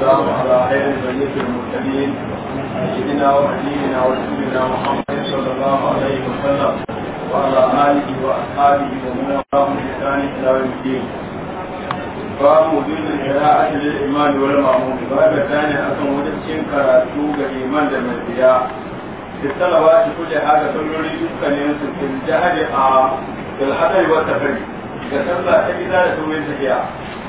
والسلام على خير بيت المرسلين سيدنا ونبينا ورسولنا محمد صلى الله عليه وسلم وعلى اله واصحابه ومن والاهم بإحسان الى يوم الدين باب وجود القراءة للإمام والمأمون باب ثاني أكون وجدتين كراتو كإيمان للمسيح في الصلوات كل حاجة تنوري يسكن ينسك في الجهل في الحذر والتفريق كتبت إذا لتوين سيئة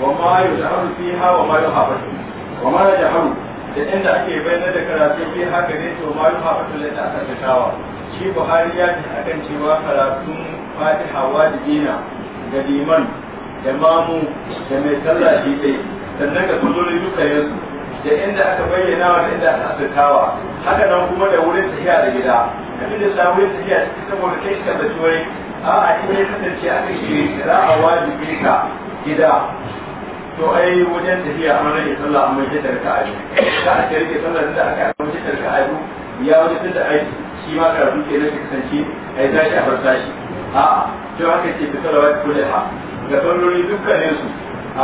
وما يشعر فيها وما يخاف فيها وما يجعل da inda ake bayyana da karatu fi haka ne to malum hafatul da aka tattawa shi buhari ya ce akan cewa karatun fatiha wajibi na ga liman da mai sallah shi dai sannan ga sunnoni duka da inda aka bayyana wa inda aka asirtawa haka kuma da wurin tafiya da gida abin da sa wurin tafiya saboda kai shi a za a ka gida to ai wajen tafiya a ranar sallah an mace tarka ka yi ka a tarke sallar da aka yi mace tarka a yi ya wani tun da ai shi ma karatu ke na kasance ai tashi a farsa shi a to haka ce ta salawa kullu ha ga salloli dukkanin su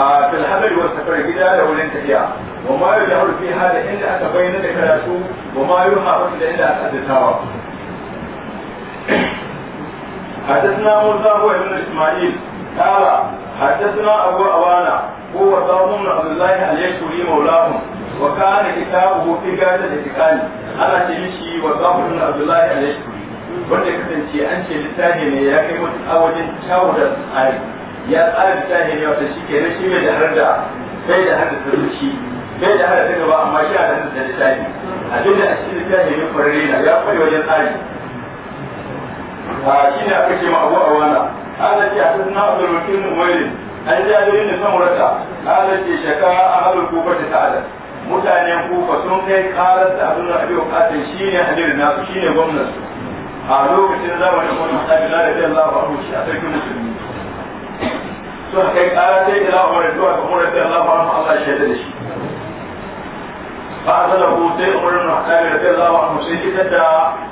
a filhalar wa safar gida da wurin tafiya wa ma ya jahul fi hada inda aka bayyana da karatu wa ma ha hafa da inda aka addatawa حدثنا موسى هو ابن اسماعيل قال حدثنا ابو عوانه هو قوم من عبد الله اليسوري مولاهم وكان كتابه في قاعدة الاتقان أنا تمشي وقوم من عبد الله اليسوري wanda kasance an ce littafi ne ya kai mutum a wajen kyawu tsari ya tsara littafi ne wata shi kenan shi mai da har da bai da har da tsaruci bai da har da gaba amma shi a da da littafi abinda a cikin littafi ne kwararre na ya kware wajen tsari a shi ne aka ce ma abu a wana ana ce a tattuna a zarurkin umarin an da ne samurata kala ce shaka halin kufar ta ta'adar mutanen kufa sun kai karar da abin da abi wakatin a amir nasu shine su a lokacin zamanin wani hadabi na da ya ba shi a sarkin musulmi sun kai karar sai ila wani zuwa ga umar da Allah wani Allah shi da shi ba da lahu sai umar ibn hadabi da zama a sai fitar da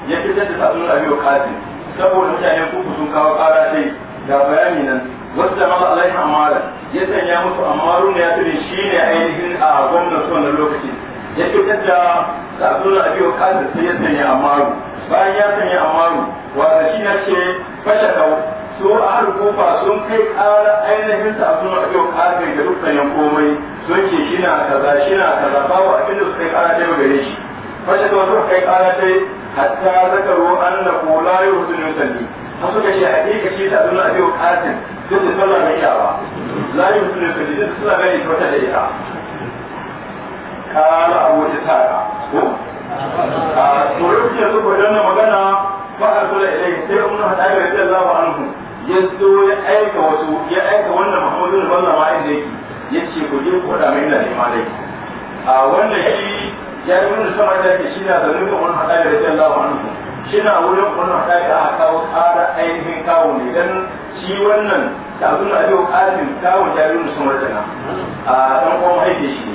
ya fitar da abin da abi saboda mutanen kufa sun kawo kara sai ga bayani nan wadda mala alaiha amara ya sanya musu amaru ne ya tuni shi ne ainihin a gwamnan su wannan lokaci ya cutar da zaɓen a biyu kasar sai ya sanya amaru bayan ya sanya amaru wanda shi na ce fashe kau su a harkufa sun kai ƙara ainihin zaɓen a biyu kasar da dukkanin komai sun ce shi na kaza shi na kaza ba wa abin da su kai ƙara ɗaya gare shi fashe kau sun kai ƙara ɗaya hatta zakaru annahu la yuhsinu salli wasu suka ce a ke ka ce da abin abi wa katin duk da sallah mai yawa la yi mutum da kaji duk suna gani wata da ita kala abu ta tara ko a tsoron kuke su ko danna magana ba a kula ilai sai umar hadari da zai zama anhu ya zo ya aika wasu ya aika wannan muhammadu da banza ma inda yake ya ce ku je ku faɗa mai da nema dai a wannan shi ya yi wani sama da yake shi na zaune kamar hadari da zai zama anhu shina wurin wannan kai a kawo tsara ainihin kawo ne dan shi wannan da abin da abin kalin kawo jaririn sun wartana a dan kuma aike shi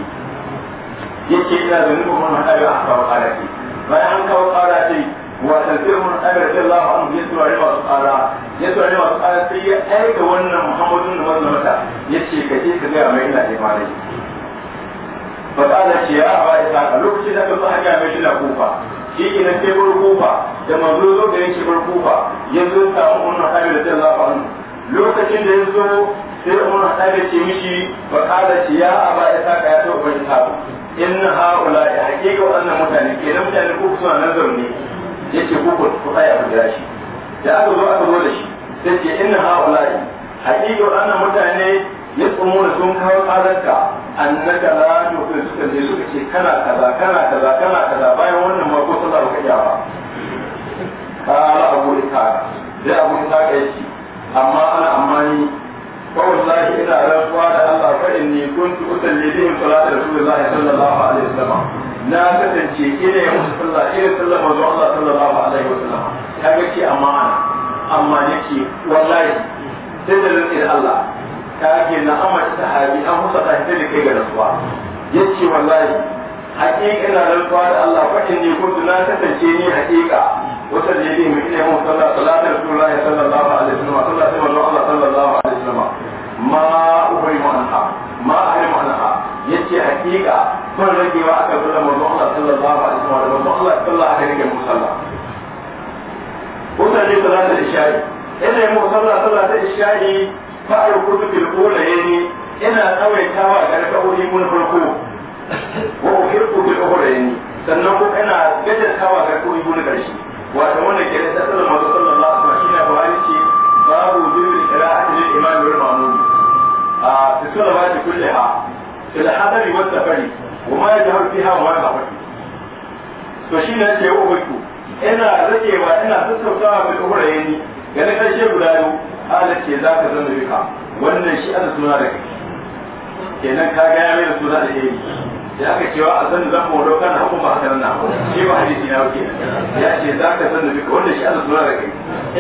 yake ina da nufin wannan kai a kawo tsara ce, bayan an kawo tsara sai wa tafsir mun abin da Allah an yi turare masu tsara ya turare masu tsara sai ya aika wannan Muhammadun da wannan mata ce ka je ka ga mai ina da Ba fa qala ya aba isa lokacin da ka zo haka mai shi na kufa shi ke na sai kufa da manzo zo da yake bar kufa ya zo samu umar hadi da sallallahu alaihi lokacin da ya zo sai umar hadi ce mishi ba kada ce ya aba ya saka ya to ban isa inna haula ya hakika wannan mutane ke na mutane ku suna nan zaune yake ku ku tsaya ku jira shi da aka zo aka zo da shi sai ce inna haula hakika wannan mutane ya tsumura sun kawo tsadarka annaka la yuqil suka je suka ce kana kaza kana kaza kana kaza bayan wannan ma ko sallah baka iya ba kala abu ita, sai abu ishaq ya ce amma ana amani fa wallahi ina rantsuwa da Allah fa inni kuntu usalli bihim salata rasulillahi sallallahu alaihi wasallam na kasance ina yin sallah ina sallah manzo Allah sallallahu alaihi wasallam kaga ce amma ana amma nake wallahi sai da rantsi Allah kage na amma ta haɗi an musa sahibi da kai ga rasuwa yace wallahi haƙiƙa ina rantsuwa da Allah fa inni kuntu na kasance ni haƙiƙa wata da yake mai ilimin sallah salatu rasulullahi sallallahu alaihi wasallam sallah sallallahu alaihi wa sallallahu alaihi wa sallam ma ubai mu anha ma ahli mu anha yace haƙiƙa kun rage wa aka zo manzo Allah sallallahu alaihi wa sallam manzo Allah sallallahu alaihi wa sallam wata da salatu isha'i ina yi mu sallah sallah ta isha'i ba a rubutu bil ula yani ina tsawaitawa ga rakawoyi mun farko wa uhibbu bil ula yani sannan ko ina gajartawa ga rakawoyi mun ƙarshe wato wannan ke da sallar manzo sallallahu alaihi wasallam shine buhari ce babu jirgin qira'ati lil imam wal ma'mum a fi salawati kulliha fil hadari was safari wa ma yajharu fiha wa ma yaqfi to shine ce wa uhibbu ina rakewa ina sassautawa bil ula yani yana na karshe guda yau ala ce za ka zama bika wannan shi ana suna da kai kenan ka gaya mai suna da kai ya aka cewa a san zan moro kan haku ba kan nan shi ba hadisi na wuce ya ce za ka san rika bika wannan shi ana suna da kai.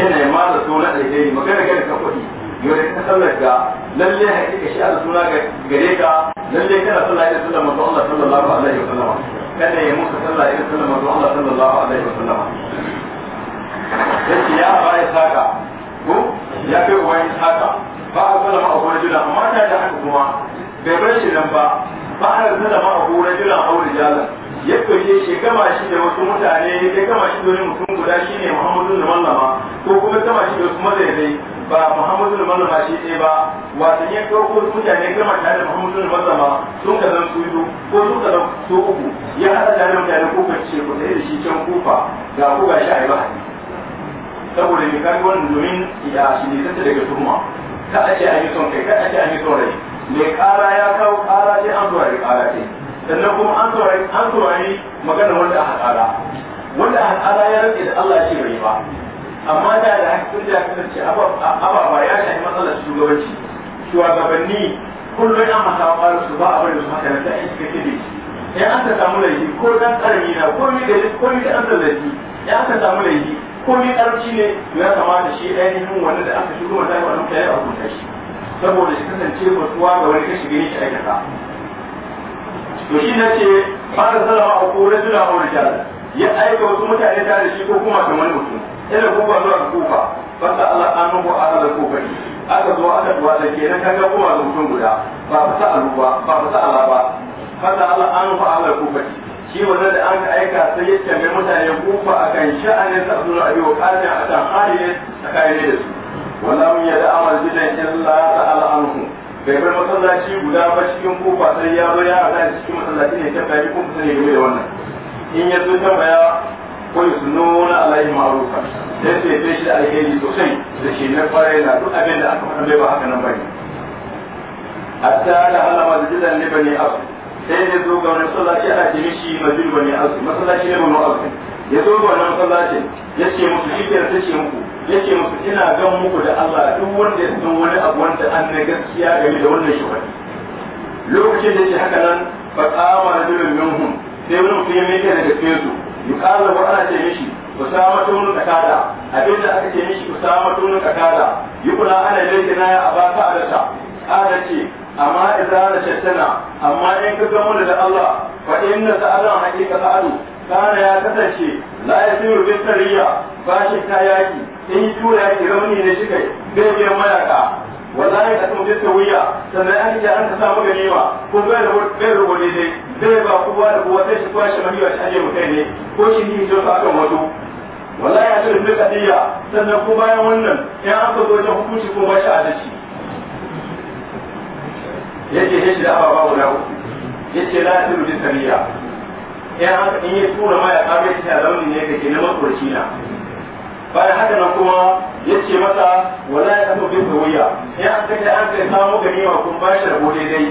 ina ma da suna da kai magana ga ka kuɗi yau da ka sallar ga lalle hakika shi ana suna gare ka lalle kana suna da suna manzo Allah sallallahu alaihi wa sallama kada ya musu sallah sallallahu alaihi wa yace ya ba ya saka ko ya kai uwa ya saka ba a kula a abu rajula amma ta da haka kuma bai bar shi nan ba ba a kula ma abu rajula au rijalan ya ɗauke shi gama shi da wasu mutane ya gama shi da wani mutum guda shi ne muhammadu da mallama ko kuma gama shi da wasu mazaidai ba muhammadu da mallama shi ne ba wato ya ko wasu mutane gama tare da muhammadu da mallama sun ka zan su biyu ko sun ka zan su uku ya haɗa tare da mutane ko kan ce ku da shi can kufa ga ku ga shi a yi ba saboda ya kai wannan domin ya shirita daga turma. ka a ce an yi son kai ka a ce an yi son rai mai kara ya kawo kara ce an zuwa kara ce sannan kuma an zuwa an saurari magana wanda aka kara wanda aka kara ya rike da Allah ce bai ba amma da da hakkin da kasance ababa ya shafi matsalar shugabanci shugabanni kullum an masa su ba a bari su haka nan da ake kake da shi an ka samu laifi ko dan karami na ko mi da ko mi da an da laifi ya aka samu laifi komai karanci ne ya kamata shi ainihin wanda da aka shigo mata wani kayan abu rubuta shi saboda shi kasance mutuwa ga wani kashi gani shi sa. to shi na ce fara salama a ko rajula a wani ya aika wasu mutane tare da shi ko kuma kamar mutum ina kuka zuwa ga kuka banda Allah an ko a da ne aka zo aka zuwa da ke nan kaga kuma da mutum guda ba ta alu ba ba ta ala ba fasa Allah an ko a da ne shi wanda da aka aika sai ya tambaye mutane kufa akan sha'anin sa Abdul a Waqas hariye a tsakanin da su wanda mun da amal jidan illa ta'ala anhu bai bar masallaci guda ba cikin kufa sai ya zo ya hada cikin masallaci ne ta bai kufa sai ya da wannan in ya zo baya ko ya sunona alaihi ma'arufa sai sai ya shi alheri sosai da shi na fara yana duk abin da aka faɗa bai ba haka nan bane hatta da halama da jidan ne bane asu sai ya zo ga masallaci ana ce mishi masjid bani azumi masallaci ne bani azumi ya zo ga wani masallaci ya ce musu shi ke ta ce muku ya ce musu ina gan muku da Allah duk wanda ya san wani abu wanda an na gaskiya game da wannan shi wani lokacin da ce haka nan ba fa qama rajulun minhum sai wani mutum ya miƙe daga cikin su yuqalu wa ana ce mishi ku usama tun kakada abinda aka ce mishi ku usama tun kakada yukula ana na ya abaka alata ala ce amma idza rashattana amma in ka gamu da Allah fa inna sa'alan haqiqa sa'alu kana ya kasance la yasiru bi sariya ba shi ta yaki in tura yaki rauni ne shi kai bai biyan mayaka wallahi ka tun jinta wuya sannan an ji an ka samu ganima ko bai da bai rubo ne dai zai ba kowa da kuwa sai shi shi mahiwa shi ajiye mutai ne ko shi ni ka akan wato wallahi ya tun jinta sannan ko bayan wannan in an ka zo wajen hukunci ko ba shi adalci yake yin da ababa na uku ce la tilu bi sariya in haka in ya tura ma ya kabe shi a launin ne kake na makurci na bayan haka nan kuma ce masa wala ya tabu bi tawiya in an kai an kai samu ganima kun ba shi rabo daidai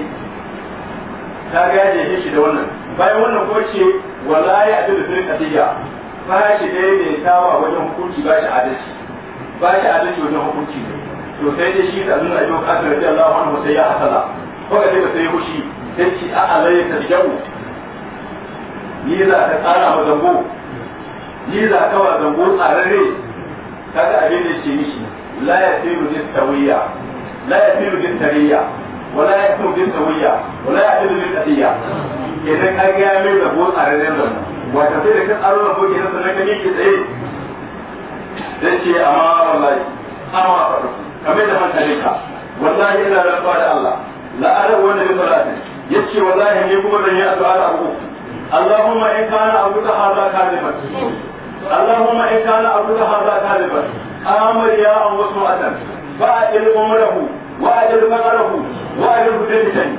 ta gaje shi da wannan bayan wannan ko ce wala ya tilu bi sariya ba shi daidai tawa wajen hukunci ba shi adalci ba shi adalci wajen hukunci to sai dai shi da zuwa yau kafin Allah anhu sai ya hasala kawai sai sai hushi sai ci a ya tafi kyau. ni za ka tsara wa zango ni za ka wa zango tsararre kaga abin da ce mishi la ya fi rujin tawiya la ya fi rujin tariya wala ya fi rujin tawiya wala ya fi rujin tafiya idan ka ga ya mai zango tsararre zango wata sai da ka tsaro zango ke na sannan ka miƙe tsaye dan ce amma wallahi amma faɗo kamar da hankalinka wallahi ina rantsuwa da Allah la arabu wanda bi salatin yace wallahi ne kuma zan yi addu'a abu Allahumma in kana abuka hadha kalimat Allahumma in kana abuka hadha kalimat amr ya an wasu atan fa'il umrahu wa'adil maqarahu wa'adil hudaytan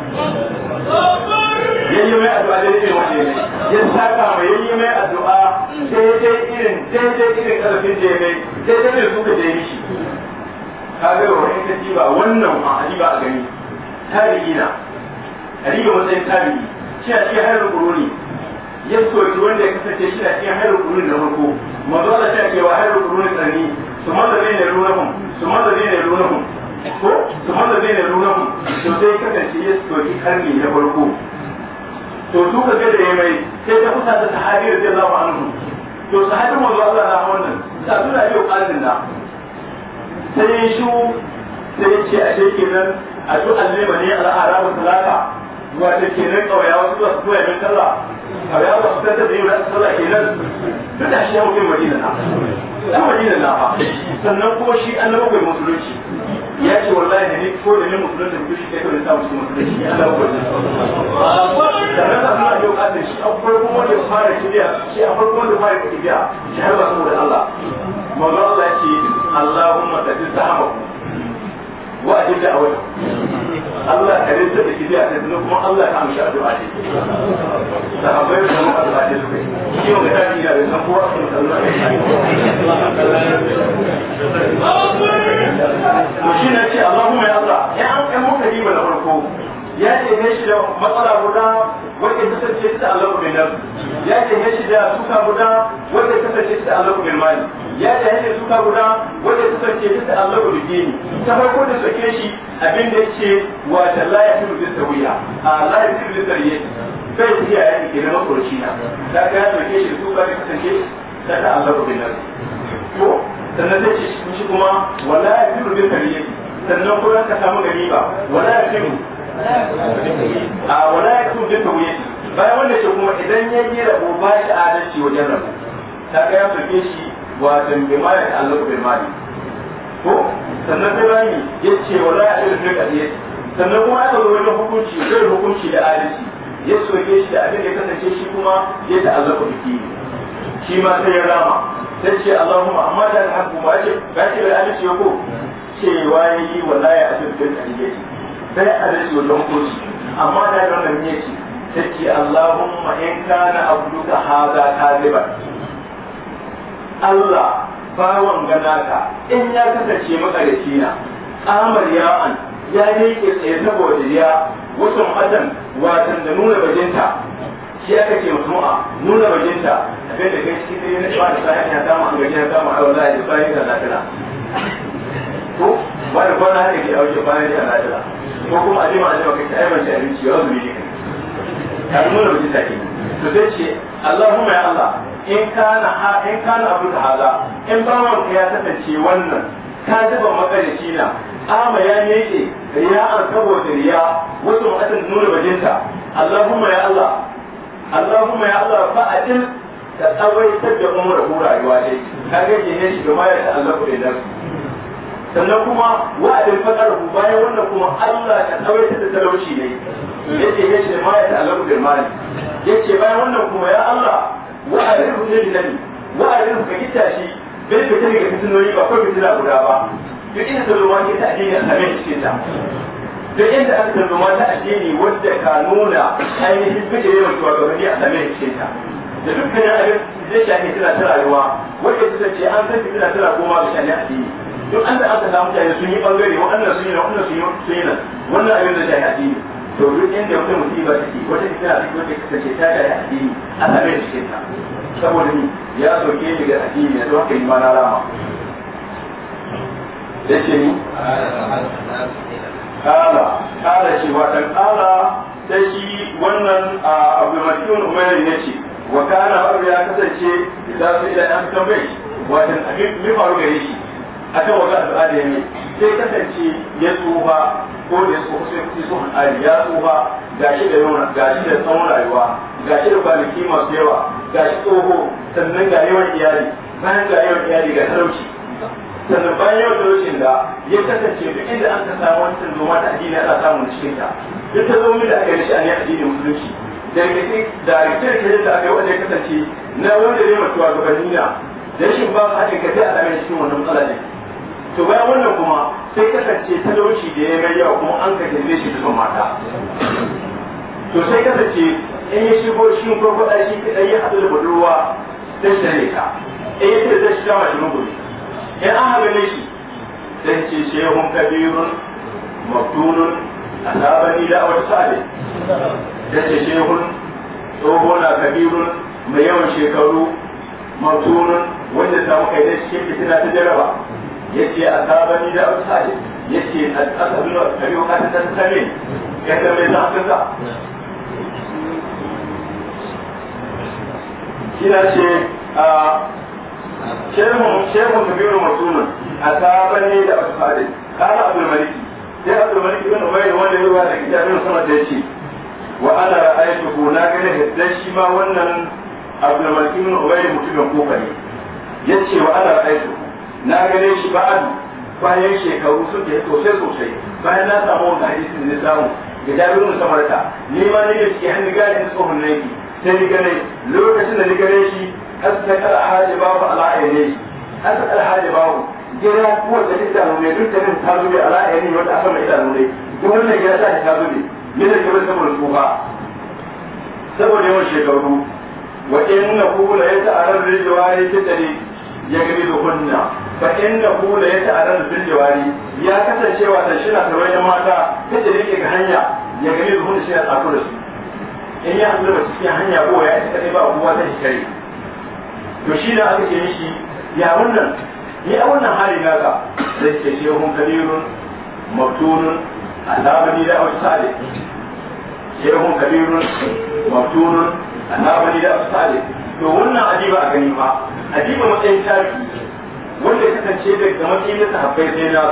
yayi mai addu'a da yake wani ne ya saka mai yayi mai addu'a daidai irin daidai irin karfin da yayi daidai irin suka ka je shi kaga wa in ka ba wannan ma ba a gani tabi'ina riga matsayin tabi'i shi a cikin harin kuruni ya soki wanda ya kasance shi a cikin harin kuruni na farko mazu ala shi a cewa harin kuruni tsarni su maza zai ne lunahun su maza zai ne lunahun ko su maza zai ne lunahun to sai kasance ya soki karni na farko to su ka gada ya mai sai ta kusa ta sahabi da zai zama anhu to sahabi mazu ala na wannan sa suna yau kalin da sai shi sai ya ce a ce kenan addu'an ne bane al'arabu talata wato kenan wasu su su koya min sallah kauyawa su tanta da yi wa sallah kenan duk da shi ya mutum madina na dan madina na fa sannan kuma shi an annabi bai musulunci ya ce wallahi da ni ko da ni musulunci da shi kai kawai da samu musulunci Allah ko da sannan da Allah ya kace shi a farko wanda ya fara kidiya shi a farko wanda ya fara kidiya shi har ba saboda Allah manzo Allah ya ce Allahumma tajid zahamakum wa a jinda a wani Allah ka rinta da shirya da zinu kuma Allah ka amshi addu'a ce sahabbai da mu addu'a ce suke shi ga tafi ya da san kowa sun sallu to shi ne ce Allahumma ya Allah ya an kan muka yi na farko ya ce ne shi da matsala guda wanda ta sace ta Allah mai nan ya ce ne shi da suka guda wanda ta sace ta Allah mai mali ya tafi da ka guda wanda su sauke bisa Allah ulge ne ta farko da sauke shi abin da yake wa talla ya fi rubin sauya Allah ya fi rubin sauye bai su yaya da ke da makwarci na ta ka ya sauke shi su ba da kasance da ta Allah ulge nan ko sannan zai ce shi kuma wala ya fi rubin sauye sannan ko ka samu gari ba wala ya fi a wala ya fi rubin sauye bayan wanda ce kuma idan ya yi rabo ba shi adalci wajen rabo ta ga ya sauke shi watan bai ma ya ta'allaka bai ko sannan sai bani ya ce wala ya yi da ne sannan kuma ya zo wani hukunci zai hukunci da adalci ya soke shi da abin da kasance shi kuma ya ta'allaka biki shi ma sai ya rama sai ce Allahumma amma da alhaku ma ce ga ce bai adalci ko cewa yayi wala ya yi da kadiya sai adalci wajen hukunci amma da wannan ne ce sai ce Allahumma in kana abduka hada kadiban Allah bawan ka in ya kasance makarici na amar ya'an ya yake tsaye saboda ya wasu adam watan da nuna bajinta shi aka ce mutu'a nuna bajinta bai da kai cikin yi na cewa da sa'ayi ya samu an gaji ya samu a wallahi da bayan da lafiya ko ba da kwana hada ke auke bayan da lafiya ko kuma a jima a jima kake aiwance abinci ya wasu ne kai ya nuna bajinta ke to sai ce Allahumma ya Allah in kana ha in kana abu da haza in bawan ka ya ce wannan ka zuba makarici na ama ya miƙe riya'an saboda riya wasu mu'atin nuna bajinta Allahumma ya Allah Allahumma ya Allah fa'adil da ta da umar hura rayuwa dai ka ga ke ne shi gama ya Allah ku da sannan kuma wa'adin fakar bayan wannan kuma Allah ta tsawaitar da talauci ne yake ne shi ma ya Allah ku da mali yace bayan wannan kuma ya Allah wa arihu lil nabi wa arihu ka gita shi bai fita daga fitinoni ba ko fitina guda ba duk inda zaluma ke ta addini a same cikin ta duk inda aka zaluma ta addini wadda ka nuna ainihin yawan bijire wa shugabanni a same cikin ta da dukkanin abin zai shafi tana ta rayuwa wadda ta ce an san tana ta rayuwa da addini duk an da aka samu mutane sun yi bangare waɗannan sun yi nan wannan sun yi nan wannan abin da shafi addini to duk inda wata musiba take wata kisa a cikin wata kasance ta da addini a same da cikin ta saboda ni ya soke ni ga addini da haka yi ma na rama da ce ni kala kala ce watan kala ta shi wannan abdulmatiyun umaru ne ce wa kana abu ya kasance da su ila an tambaye watan abin mai faru gare shi akan wajen al'ada ne sai kasance ya tsufa ko da ya tsufa sai kuɗi sun al'ada ya tsufa ga shi da yawan ga shi da tsawon rayuwa ga shi da kwanaki masu yawa ga shi tsoho sannan ga yawan iyali bayan ga yawan iyali ga talauci sannan bayan yawan talaucin da ya kasance duk inda an ka samu wani tanzo mata addini ana samun cikin ta duk ta zo da aka shi a ne addinin musulunci da rikice-rikice da aka yi wanda ya kasance na wanda ne mutuwa gabanin da shi ba su cikin kai a a cikin wannan matsala ne to bayan wannan kuma sai kasance talauci da ya mai yau kuma an ka kalle shi da mata to sai kasance in ya shigo shi gwagwada shi kaɗai ya hadu da budurwa ta shirya ka in ya ce zai shiga mashi muguri in an ne shi sai ce shehun kabirun mabdunun asabani da wata sa'ali da ce shehun tsohon kabirun mai yawan shekaru mabdunun wanda samu kai da shi ke fitina ta jaraba yace asabani da amsali yace al-asabu wa tabi'u ka ya ga mai za ka za kina ce a shehu shehu kabiru mutumin asabani da amsali kana abdul malik sai abdul malik ibn umayr wanda ya ruwa da kitabun sama da yace wa ana ra'aytuhu na gani haddan shi ma wannan abdul malik ibn umayr mutumin kofa ne yace wa ana ra'aytuhu na gare shi ba'ad bayan shekaru sun ke sosai sosai bayan na samu wannan hadisin ne samu ga jami'in samarta ni ma ne ke hannu gane tsohon naki sai ni gane lokacin da ni gane shi hatta kala haji babu ala'ayyane shi hatta kala haji babu gina kowace idanu ne duk da min ta zube ala'ayyane wata aka mai idanu ne duk wannan gina ta ta zube ne da kamar saboda saboda yawan shekaru wa in na kula ya ta'arar rijiwa ya tare ya gani da kunna fa inna hu la ranar bil jawari ya wa ta shi na tarwayin mata kace yake ga hanya ya gani da hunde shi a tsako da su in ya hanzu da cikin hanya ko ya ita kai ba kuma ta hikari to shi da aka ce shi, ya wannan ya wannan hali naka Zai ke ce hun kabirun maftunun azabani da wasu sale sai hun kabirun maftunun azabani da wasu sale to wannan ajiba a gani ba ajiba matsayin tarihi wanda ya kasance da ga matsayin sahabbai sai na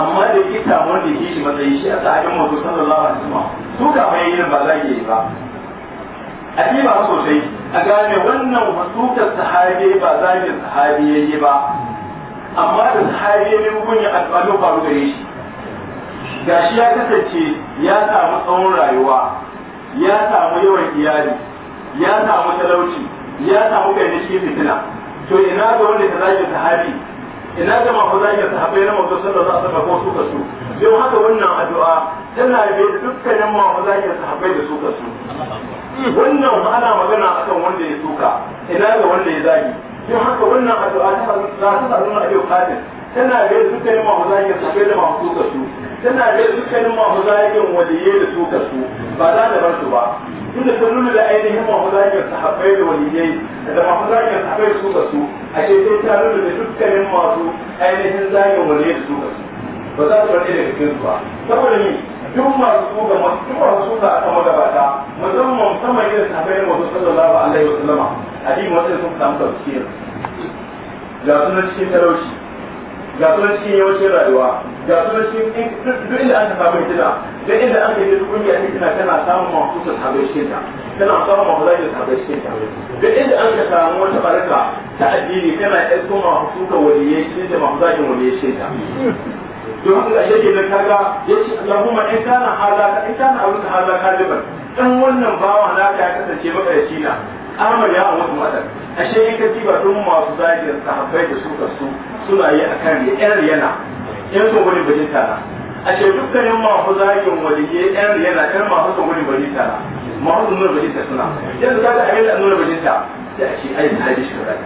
amma da ke samuwar da ke shi matsayi shi a sahabin manzo sallallahu alaihi wasallam su ka bayyana ba za yi ba a yi ba sosai a gane wannan wasukar sahabi ba za yi sahabi yi ba amma da sahabi ne mun yi alƙalu faru gare shi Ga shi ya kasance ya samu tsawon rayuwa ya samu yawan iyali ya samu talauci ya samu ganin fitina to ina ga wanda ta ta sahabi ina ga zaki ta hafi na mafi sallar za a ko su ka su don haka wannan addu'a tana bai da dukkanin zaki ta hafi da su ka su wannan ana magana akan wanda ya suka ina ga wanda ya zagi don haka wannan addu'a ta faru na ta faru kafin? tana bai da dukkanin zaki ta hafi da mafi su ka su suna da dukkanin mahuzayen waliyai da su kasu ba za da bar su ba da sun nuna da ainihin su sahabbai da waliyai da mahuzayen sahabbai su kasu a ce sai ta nuna da dukkanin masu ainihin zayen waliyai da su kasu ba za su bar ɗaya daga cikin su ba saboda ni duk masu suka duk masu suka aka magabata musamman musamman irin sahabbai masu sallallahu alaihi wa sallama addini wasu sun samu tafsir ga sunan cikin talauci ga sunan cikin yawancin rayuwa ga kuma shi duk inda aka samu hijira duk inda aka yi kungiya hijira tana samun mafusul habai ta tana samun mafusul habai shida duk inda aka samu wata barka ta addini tana ɗauko mafusul waliyai shida mafusul waliyai shida don haka yake da kaga yace Allahumma in kana halaka in kana abu halaka kaliban dan wannan bawa naka ya kasance maka da shina amar ya wasu madar ashe in ka ba don masu zahirin sahabbai da su suka su suna yi akan ya yana yan so gudun bari tara a ce dukkanin mahu zagin waliye yan yana kan mahu so gudun bari tara mahu so nuna bari ta suna yanzu ka ga abin da nuna bari ta sai a ce ai hadi shi kai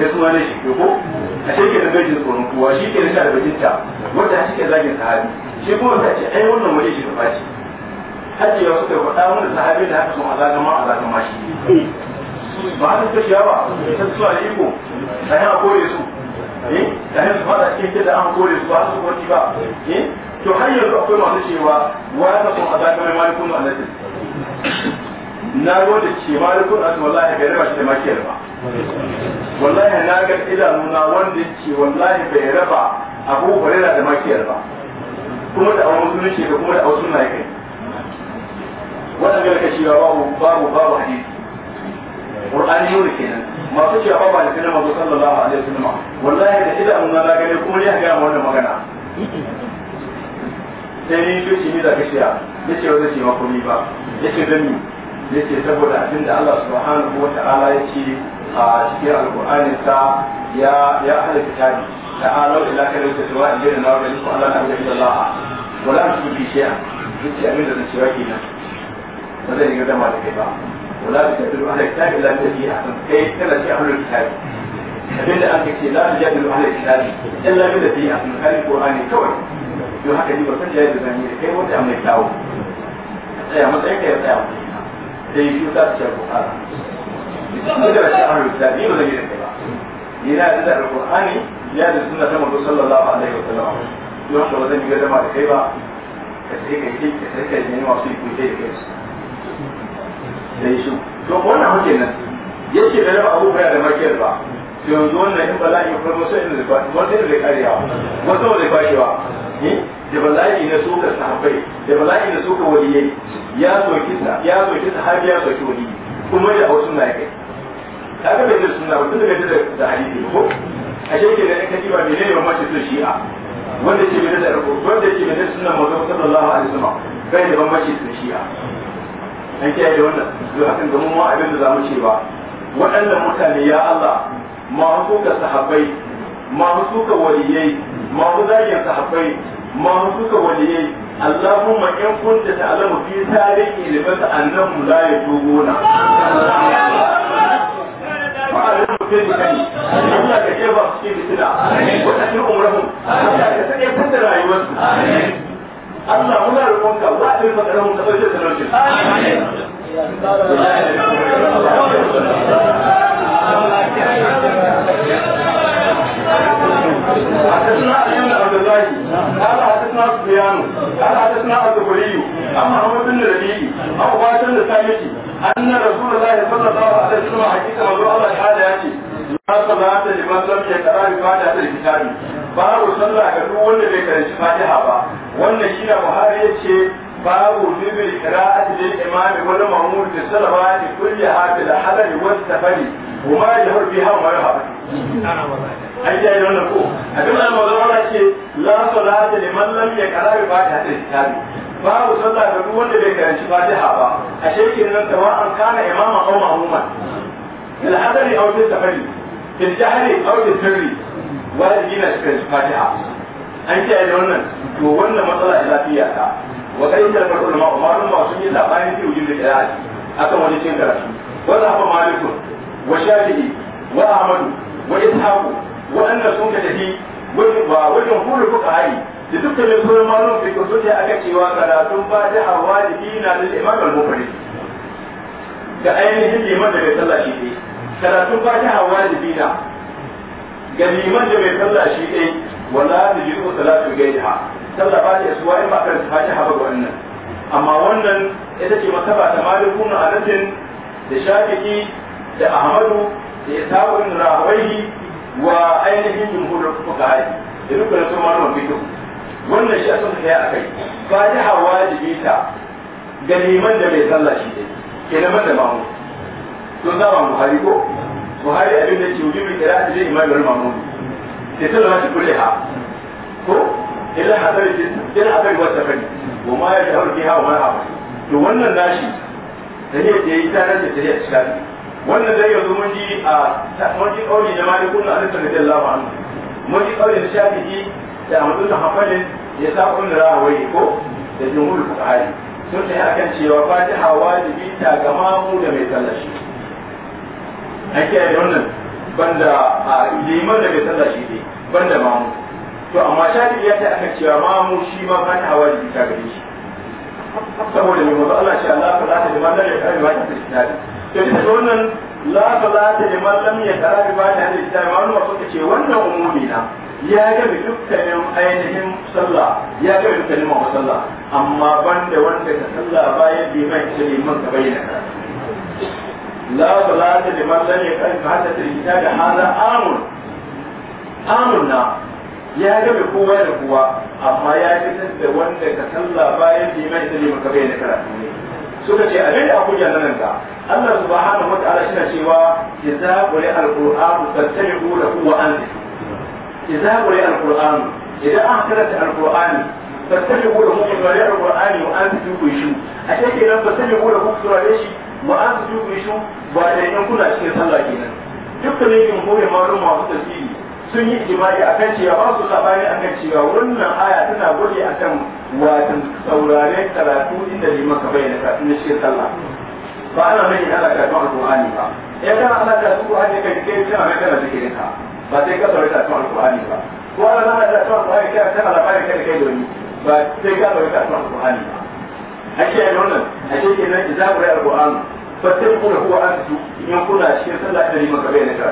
ya suna ne shi ko a ce ke da gajin tsoron kuwa shi ke da bari ta wanda shi ke zagin sahabi shi kuma ta ce ai wannan wani shi da fashi hajji ya suka faɗa wani sahabi da haka sun azagama azagama shi ba su kashiya ba ta su a iko sai ha kore su eh da hin su fada cikin da an kore su ba su kore ba eh to har yanzu akwai masu cewa wa ya kasu a zaɓi mai malikun allati na gode ce malikun allati wallahi bai raba shi da makiyar ba wallahi na ga idanuna wanda ce wallahi bai raba abu hurera da makiyar ba kuma da awon musulunci da kuma da awon sunna ya kai waɗanda ka cewa babu babu babu hadisi qur'ani yau kenan masu cewa ba malikai na mazo sallallahu alaihi wasallam wallahi da idanun na gane kuma ne ga wannan magana sai ni to shi ne da kashiya yace wanda shi ma komai ba yace gani saboda abin da Allah subhanahu wata'ala yace a cikin alqur'anin sa ya ya ahli kitabi ta'alu ila kalimati sawa'in bainana wa bainakum alla na'budu illa Allah wa la nushriku bihi shay'an yace abin da zai cewa kenan ba yi ba ولا تجادلوا أهل الكتاب إلا بالتي هي أحسن كي تلتي أهل الكتاب abin da aka ce la yadu ahli kitabi illa bi da fi ahli kitabi qur'ani kawai to haka ji ba san jayi da zan yi kai wanda mai dawo tsaya mu tsaya kai tsaya sai shi ta ce qur'ani idan da shi ahli kitabi ba zai yi ba ila da alqur'ani ya da sunna ta manzo sallallahu alaihi wa sallam to haka ba zan yi gadama da kai ba ka sai kai ka sai kai ne wasu ku sai kai da shi to wannan hake nan yace da raba abu da makiyar ba to yanzu wannan in bala'i ko kuma sai da ba wannan da kariya wannan da bashiwa da bala'i na suka sahabbai da ne su ka waliyai ya so kisa ya so kisa sahabi ya soki waliyi kuma da wasu na kai kaga bai da sunna ba tunda da da hadisi ko a shekke da in ka kiba bai ne ba mace to shi'a wanda ke bai da wanda ke bai da sunna manzo sallallahu alaihi wasallam bai da bambanci da shi'a an kiyaye da wannan yau akan gama ma abin da za mu ce ba waɗannan mutane ya Allah ma masu suka sahabbai masu suka waliyai masu zagin sahabbai masu suka waliyai Allahumma in kunta ta'lamu fi tarihi libat annahum la yatubuna ke fi dikani Allah ka jefa su cikin fitina wa tahil umrahum Allah ka sanya fitina rayuwarsu Allah muna roƙonka wa da maka rahon ka sai da rahon amin حدثنا أيمن عبد الله قال حدثنا سفيان قال حدثنا الزهري عن محمد بن ربيع أو باشا النسائي أن رسول الله صلى الله عليه وسلم حقيقة مزروع الله تعالى يأتي la salata liman lam ba ta fatihatil kitabi babu sallah ga duk wanda bai karanci fatiha ba wannan shi na buhari ce babu libil qira'ati lil imam wal ma'mum halal شيء لا صلاة لمن لم يقرأ بفاتحة الكتاب babu sallah ga duk wanda bai karanci fatiha ba ashe kenan tawa an kana imama ko في الحذر أو في السفر في الجهل أو في السر ولا تجينا في الفاتحة أنت يا لونا تقولنا مطلع إلى فيها وكيف تلقى العلماء معلوم معصومين لا باين في وجود العلاج أكم ولكن درسوا وذهب مالك وشافعي وأحمد وإسحاق وأن سنة تهي وجمهور الفقهاء da dukkanin sauran malon fi kusurci aka cewa karatun fatiha wajibi na lil imam al-mufrid ga ainihin liman da bai sallah shi ɗai karatun fatiha wajibi na ga liman da bai sallah shi ɗai wala da ji ko salatu gaiha sallah ta suwa in ba karanta fatiha ba wannan amma wannan ita ce masaba ta a anatin da shafi'i da ahmadu da ya isa'u ibn rahawai wa ainihin kuka fuqaha da dukkan su malaman fiqh wannan shi a sai akai fatiha wajibi ta ga liman da bai sallah shi ɗai ke na banda mamu za zama buhari ko buhari abin da ke wujubin kira da zai imani wani mamu ne ta zama shi kule ha ko ila hasari ila hasari wata fari wa ma ya shahar fiha wa mana hafa to wannan nashi da ne da yi tare da a cikin wannan dai yanzu mun ji a mun ji kauli na malikun na alisa da Allah anhu mun ji kauli da shafi'i da amadu da hafalin ya sa kullu rahawai ko da jumhur hali. sun akan cewa fatiha wajibi ta ga mamu da mai tallashi an kiyaye wannan banda a liman da mai tallashi ne banda mamu to amma shafi ya ta akan cewa mamu shi ma fatiha wajibi ta gare shi saboda mai mutu Allah shi Allah fala ta liman da ya kare ba ta istihadi to ita wannan la fala ta liman da ya kare ba ta istihadi ma wannan ta ce wannan umumi na ya gaba dukkanin ainihin sallah ya gaba dukkanin mawa sallah amma ban da wanda ka sallah bayan liman ce liman ka bayyana ka la salata liman lam yaqal hatta tilkita da hada amun amun na ya gaba kowa da kowa amma ya fitar da wanda ka sallah bayan liman ce liman ka bayyana karatu suka ce abin da abu ya nan ka Allah subhanahu wa ta'ala shi na cewa idza quri al-qur'an da lahu wa ansitu إذا قرأ القرآن إذا أنكرت القرآن فاستجبوا له سورة القرآن وأنتم تشوفوا أشياء كده فاستجبوا له سورة وأنت وأنتم يشو بعد أن كنا صلى كده dukkanin jumhurin malum masu tasiri sun yi ijimai a kan cewa ba su sabani a kan cewa wannan aya tana gwaje a kan watan sauraren karatu inda liman ka bayyana kafin cikin sallah ba ana mai ana karatun alƙur'ani ba ya kana kai kai kana kana zikirin ka ba sai ka sauri saurari kasuwan alƙur'ani ba ko ana zama da kasuwan alƙur'ani kai a kan labarin kai da kai da ba sai ka sauri saurari kasuwan alƙur'ani ba ake yi wannan ake ke nan idan ku rai alƙur'ani ba sai ku da kowa an su in kuna cikin sallah da liman ka na ka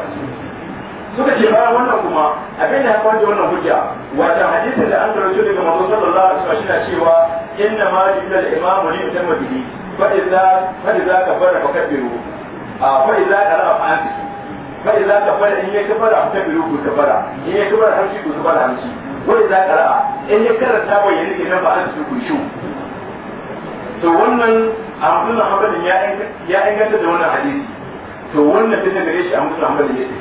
suka ce bayan wannan kuma abin da hakan da wannan hujja wata hadisin da an karanto daga manzo sallallahu alaihi wasallam shine cewa inna ma jibal imamu li yutamma bihi fa idza fa idza kabbara fa kabbiru fa idza qara'a fa anfiqu za ka fara in ya kafara ta biru ku fara, in ya kafara hamsi ku kafara wai za ka ra'a in ya karanta wa yake nan ba an su ku shu to wannan Abdul Hamdan ya ya inganta da wannan hadisi to wannan tunda gare shi a Abdul Hamdan ya ce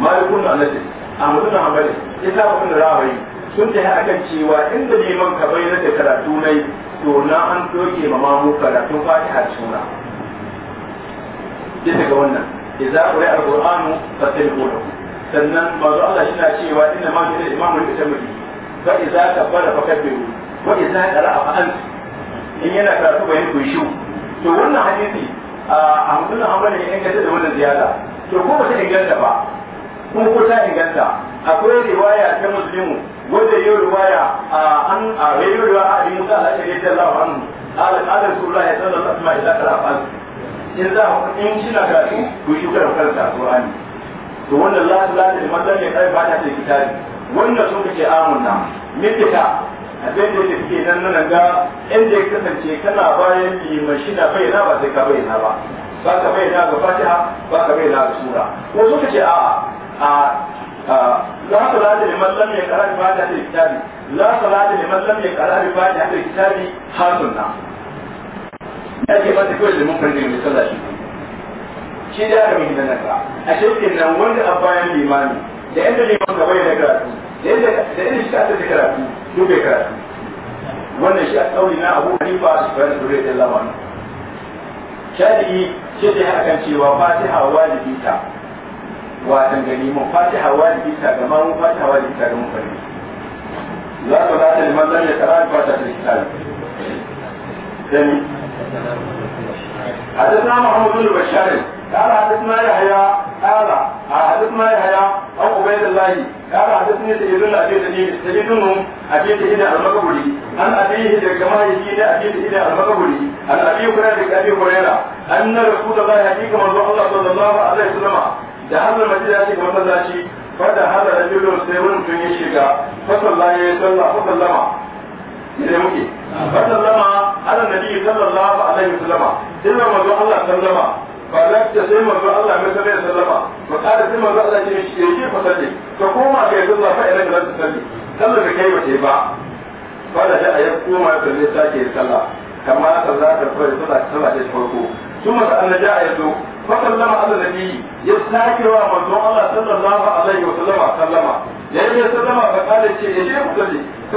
malikun a Abdul Hamdan ita ba kun rawayi sun ta akan cewa inda liman ka bayyana da karatu nai to na an doke ma mamu karatun fatiha suna bisa ga wannan idza quri'a al-qur'anu fastabiqu sannan manzo Allah shi na cewa inna ma kana imamu al-tamri fa idza kabbara fa kabbiru wa idza qara'a fa antu in yana karatu bayan ku shiu to wannan hadisi a hamdulillah hamdulillah ne inganta da wannan ziyara to ko ba ta inganta ba ko ko ta inganta akwai riwaya ta muslimu wanda yau riwaya an a yau riwaya a Musa Allah ya radiya Allah anhu قال قال رسول الله صلى الله عليه وسلم إذا قرأ فأنت in za ku in kina karatu ku yi kar karanta ne. to wanda la ilaha illa Allah ne kai ba ta ce kitabi wannan sun kace amunna mithika abin da suke nan nan ga inda ya kasance kana bayan liman shida na ba sai ka bai bayyana ba ba ka bai na ga Fatiha ba ka bai na ga sura ko sun ce a'a a ne la salata liman lam yaqra bi fatihatil kitabi la salata liman ba ta bi fatihatil kitabi hasunna ya ce mata kawai da mun ne mai sallah shi shi da aka mihi da naka a shekin nan wanda a bayan limani da yadda liman ka na karatu da yadda shi ka asali karatu duk bai karatu wannan shi a tsauri na abu hanifa su sufiyar da rai da lawan shafi'i shi ta yi akan cewa fatiha da ta watan gani mun fatiha da ta ga mamu fatiha da ta ga mun fari za ka ba ta liman zan ya karatu fatiha ta kitabi حدثنا محمود بن بشار قال حدثنا يحيى قال حدثنا يحيى او عبيد الله قال حدثني سيد بن ابي سعيد سيد بن ابي سعيد المقبري عن ابيه كما يزيد ابي سعيد المقبري عن ابي هريره ابي هريره ان رسول الله يحييك من الله صلى الله عليه وسلم دخل المسجد ياتيك من الله فدخل رجل سيد بن يشيك فصلى الله عليه وسلم فسلم ne muke fa sallama ala nabi sallallahu alaihi wasallama sai manzo Allah sallama balagta sai manzo Allah mai sallallahu sallama wasallama kada sai manzo Allah ya ce fa to koma kai fa idan ka sallar da kai ba ce ba fa da ya koma ka ne sake fara da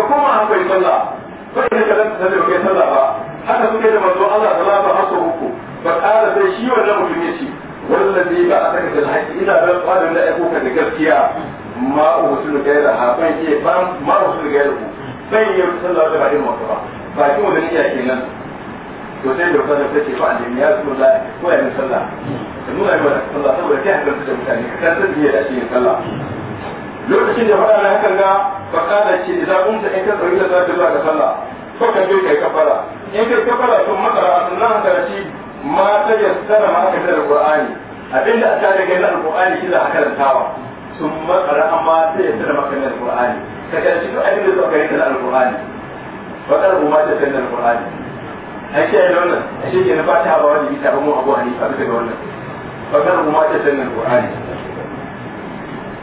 farko sai da kaza ta da kai ta ba haka suke da manzo Allah sallallahu alaihi ta uku fa qala sai shi wannan mutum ya ce wallazi ba a saka da haƙi ina da tsarin da aiko ka da gaskiya ma usul gaira ha ban ke ban ma usul gaira ku ban yi sallah da bakin maka ba bakin wannan iya kenan to sai da sallah ta ce fa an ya su da ko ya sallah nuna ga sallah saboda kai hakan da mutane ka da ya dace yin sallah lokacin da faɗa hakan ga fakala ce idan kun ta in ka tsawi da zafi zuwa ga sallah ko ka je kai kafara in kai kafara to makara sunan karshe ma ta yassara ma ka da qur'ani abinda aka daga nan alqur'ani shi za ka karantawa sun makara amma ta yassara ma ka da qur'ani ka karanci duk abinda zuwa gare ka na alqur'ani fakara ma ta yassara da qur'ani ake yi wannan a shi ke na ba ta ba wani ita ba mu abu hanifa ta ga wannan fakara ma ta yassara da qur'ani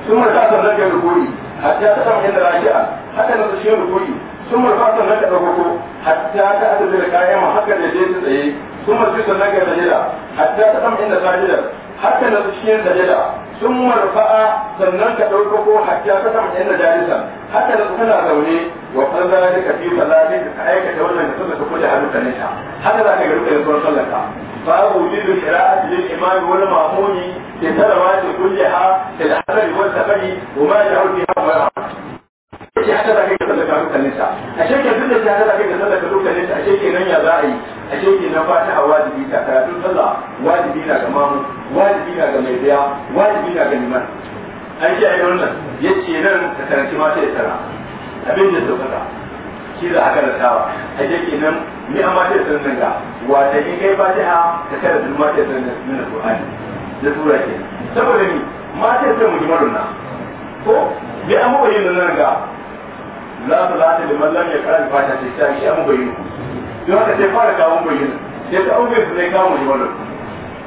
sun mata sallar da koyi. hatta ta samu yadda raji'a haka na tsaye rukuri sun murfa sannan ka ɗaukako hatta ta asibi da kayan haka da je ta tsaye sun masu sannan ka sajida hatta ta samu inda sajida haka na tsaye sajida sun marfa'a sannan ka ɗaukako hatta ta samu inda jarisa haka na tana zaune wa falla da ka fi salati ka aikata wannan da suka kuma da hannunka nisa haka za ka babu wujudin qira'ati imami wal ma'mumi بصلوات كلها في الحذر والسفر وما يدعو فيها وما yake haka za ka yi sallar karu kallon sa a shekin duk da shi haka za ka yi sallar karu kallon sa a shekin nan ya za a yi a shekin nan fatiha wajibi ta karatun sallah wajibi na ga mamu wajibi na ga mai biya wajibi na ga liman an shi a yi wannan nan abin da shi nan ni a kai da tura ke saboda ni mata sai mu jimarun na ko bi an mabayin nan ga la salata liman lam yaqra al-fatiha sai ta shi an mabayin don haka sai fara kawo mabayin sai ta aure su sai kawo jimarun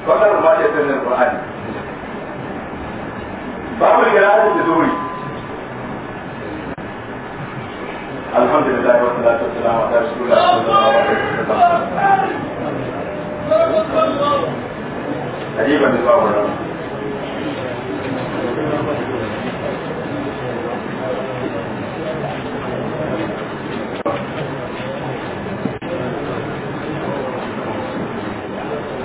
fakar ma ta sanin qur'ani babu yarada da dori الحمد لله والصلاة والسلام على رسول الله صلى الله عليه وسلم قريبا من باب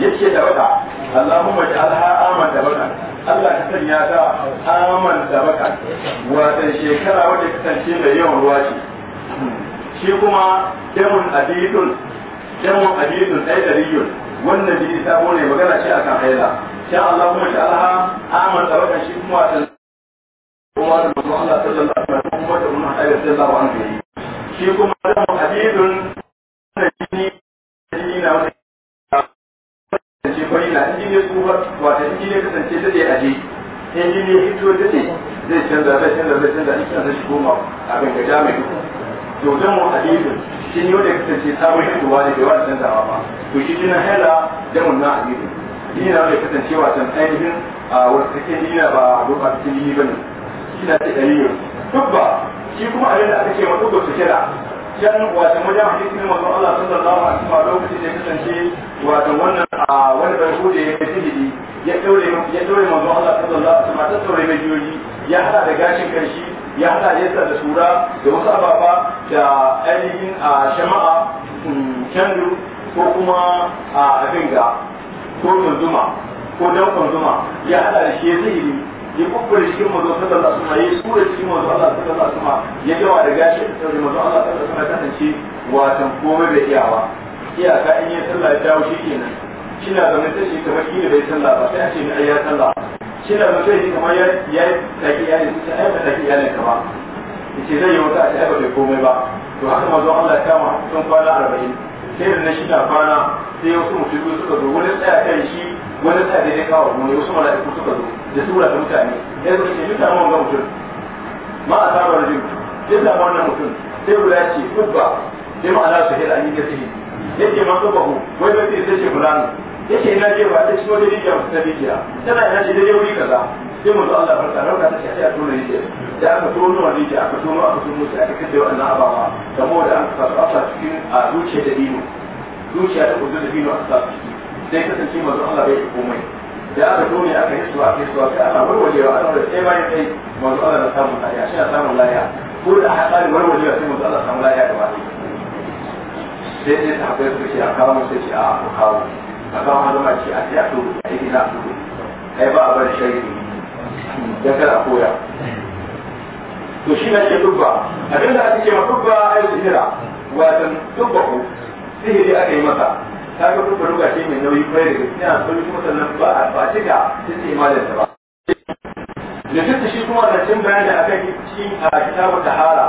yake da wata Allahumma ja'alha aman da baka Allah ka sanya ta aman da baka wata shekara wadda kasance mai yawan ruwa ce shi kuma damun adidun damun adidun ɗaya da riyun wannan biyu ta ne magana ce akan haila sha Allahumma ja'alha aman da baka shi kuma wata kuma da manzo Allah sallallahu alaihi wasallam kuma da mun haɗa sallallahu shi kuma damun adidun wannan jini ni, na wani na injin ya tsufa wata injin ya kasance da dai aje injin ya fito da dai zai canza zai canza zai canza in canza shi goma abin ga jami'i to kyautan mu hadisin shi ne wanda ya kasance sabon fitowa da bai wani canzawa ba to shi jina hela jamun na hadisin ne wanda ya kasance wasan ainihin a wasu cikin dina ba doka cikin dini ba ne shi na ta dalilin duk ba shi kuma a yadda aka ce wa duk kira can wata wajen wasu Allah lokacin da ya kasance wannan a wani barko da ya tilidi ya daure ya ɗaure manzo Allah ta daure mai ya hada da gashin kanshi ya hada yasa da sura da wasu ababa da ainihin a shama'a kyandu um, ko kuma a abin ga ko tunzuma ko dan tunzuma ya hada da shi ya tilidi ya kukkure cikin mazo ta da suma ya sura cikin mazo Allah ta da suma ya yawa da gashi da sauri mazo Allah ta da suma kasance watan komai da iyawa iyaka in ya sallah ya dawo shi kenan kina zama ta shi kamar da bai sallah ba sai a ce ni ayyar ya sallah kina zaune shi kamar ya yi taƙi iyalin sai ai taƙi taki iyalin ka ba ce zai yi wata a ce ai ba komai ba to haka mazo Allah ya kama sun kwana arba'in sai da na shi kwana sai wasu mutum suka zo wani tsaya kan shi wani tsaya daidai kawo wani wasu mala'iku suka zo da wula da mutane sai suka shi mutane wanga mutum ma a tsara da jin sai da wannan mutum sai guda ce kubba sai ma'ana su hira an yi gasiri ya ce ma kubba ku wai bai sai ce fulani ce ina ce ba ta ci wani rijiya ta rijiya tana ina ce daidai wuri kaza sai manzo Allah barka rauka ta ce a tona rijiya da aka tono a rijiya aka tono aka tono sai aka kaddai wannan abawa da mu da aka fasu asa cikin a zuciya da dino zuciya da kudu da dino a sa ciki sai kasance manzo Allah bai komai da aka tone aka yi suwa aka yi suwa sai aka warwarewa a saboda sai bayan sai manzo Allah na samun laya shi na samun laya ko da aka tsari warwarewa sai manzo Allah samu laya gaba ɗaya sai sai ta haɓar su ce a kawo sai ce a kawo a kawo hannu ma ce a ce a turu a yi gina a turu kai ba a bari shari'i dan kada a koya to shi na ce dubba abin da ake ce ma dubba ayu sihira watan dubba ku sihiri aka yi masa ta ga dubba dubba ce mai nauyi kwarai da gaskiya sun kuma sannan ba a ba ce ga cikin imanin ba da shi kuma da cin bayani akan ci a kitabu tahara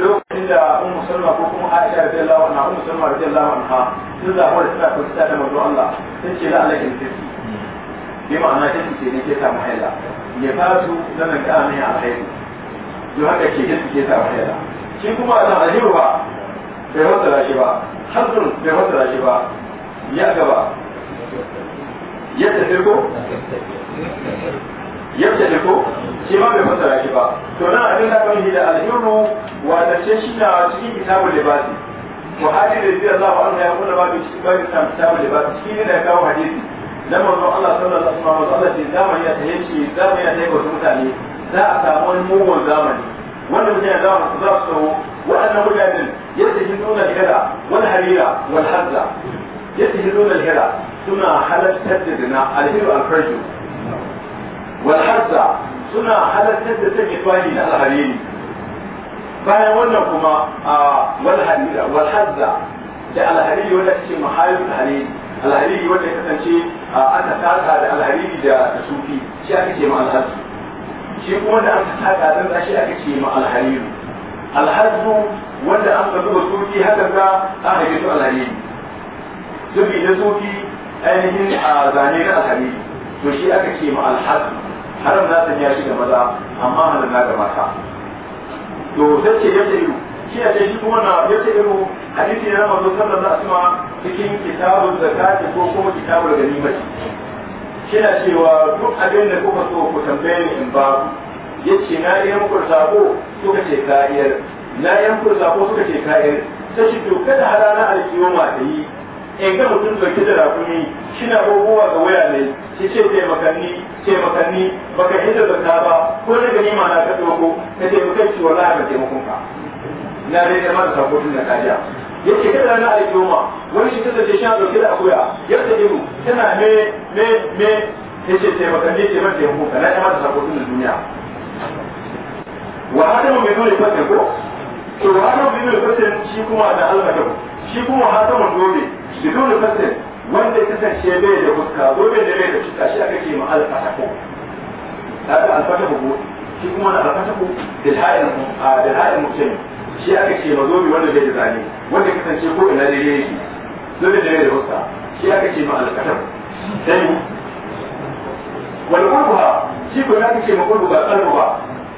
lokacin da 'un musulma' ko kuma aisha radiyallahu anha ummu salma radiyallahu anha sun zaɓa da suna kusa da manzo Allah sun ce la'alakin sirri bi ma'ana ta suke ne ke samu haila ya su zanen da ne a haihu don haka ke ta suke samu haila shi kuma a zanen ba bai wasala shi ba hazin bai wasala shi ba ya gaba ya ta ko ya ta ko shi ma bai wasala shi ba to nan abin da kan hila alhiru wata ce shi na cikin kitabun libasi Buhari da zai Allah wa'anda ya kula ba da cikin bayan samun kitabun libasi shi ne da kawo hadisi dan manzon Allah sallallahu alaihi wasallam Allah ce zamani ya tahe shi zamani ya tahe ga mutane za a samu wani mugun zamani wanda mutane za su za su waɗannan mutanen yadda shi nuna hira wal harira wal hazza yadda shi nuna hira suna halartar da dina alhiru alfarju wal hazza suna halartar da take kwani na alhariri bayan wannan kuma a wal harira wal hazza da alhariri wanda ake mahayar alhariri alhariri wanda ya kasance a aka tsaka da alhariri da sufi shi aka ce ma alhazu shi kuma da aka taka dan shi aka ce ma alhariri alhazu wanda an ka zuba sufi haka za a haife su alhariri zubi na sufi ainihin a zane na alhariri to shi aka ce ma alhazu haram za ta ya shi ga maza amma halin na ga mata to sai ce yadda iru shi a shi kuma na ya ce irin hadisi na mazo sallan za su cikin kitabun zakati ko kuma kitabun ganimati shi na cewa duk abin da kuka so ku tambaye in ba ya ce na iya muku sabo suka ce ka'iyar na iya suka ce ka'iyar sai shi to kada hada na ma ta yi in ga mutum kida da shi na abubuwa ga waya ne shi ce taimakanni taimakanni baka da zaka ba ko na ganima na ka dauko ka taimakan shi wallahi ba taimakon ka na dai da mara sako tun da kariya yake kada na aiki ma wani shi tunda ce shan dauke da akuya yadda ibu tana me me me yace taimakan ne taimakon taimakon kana ya mata sako tun da duniya wa hadamu mai nuna fatin ko to wa hadamu mai nuna fatin shi kuma da almadau shi kuma hadamu dole shi nuna fatin wanda ya kasance bai da fuska gobe da bai da fuska shi aka ce ma alfatako haka alfatako ko shi kuma na alfatako da ha'il mutum shi aka ce mazobi wanda zai zane wanda kasance ko ina da yake zobi da yake da wasa shi aka ce ma alƙatar sai wal qurba shi ko ya ce ma qurba qalbuha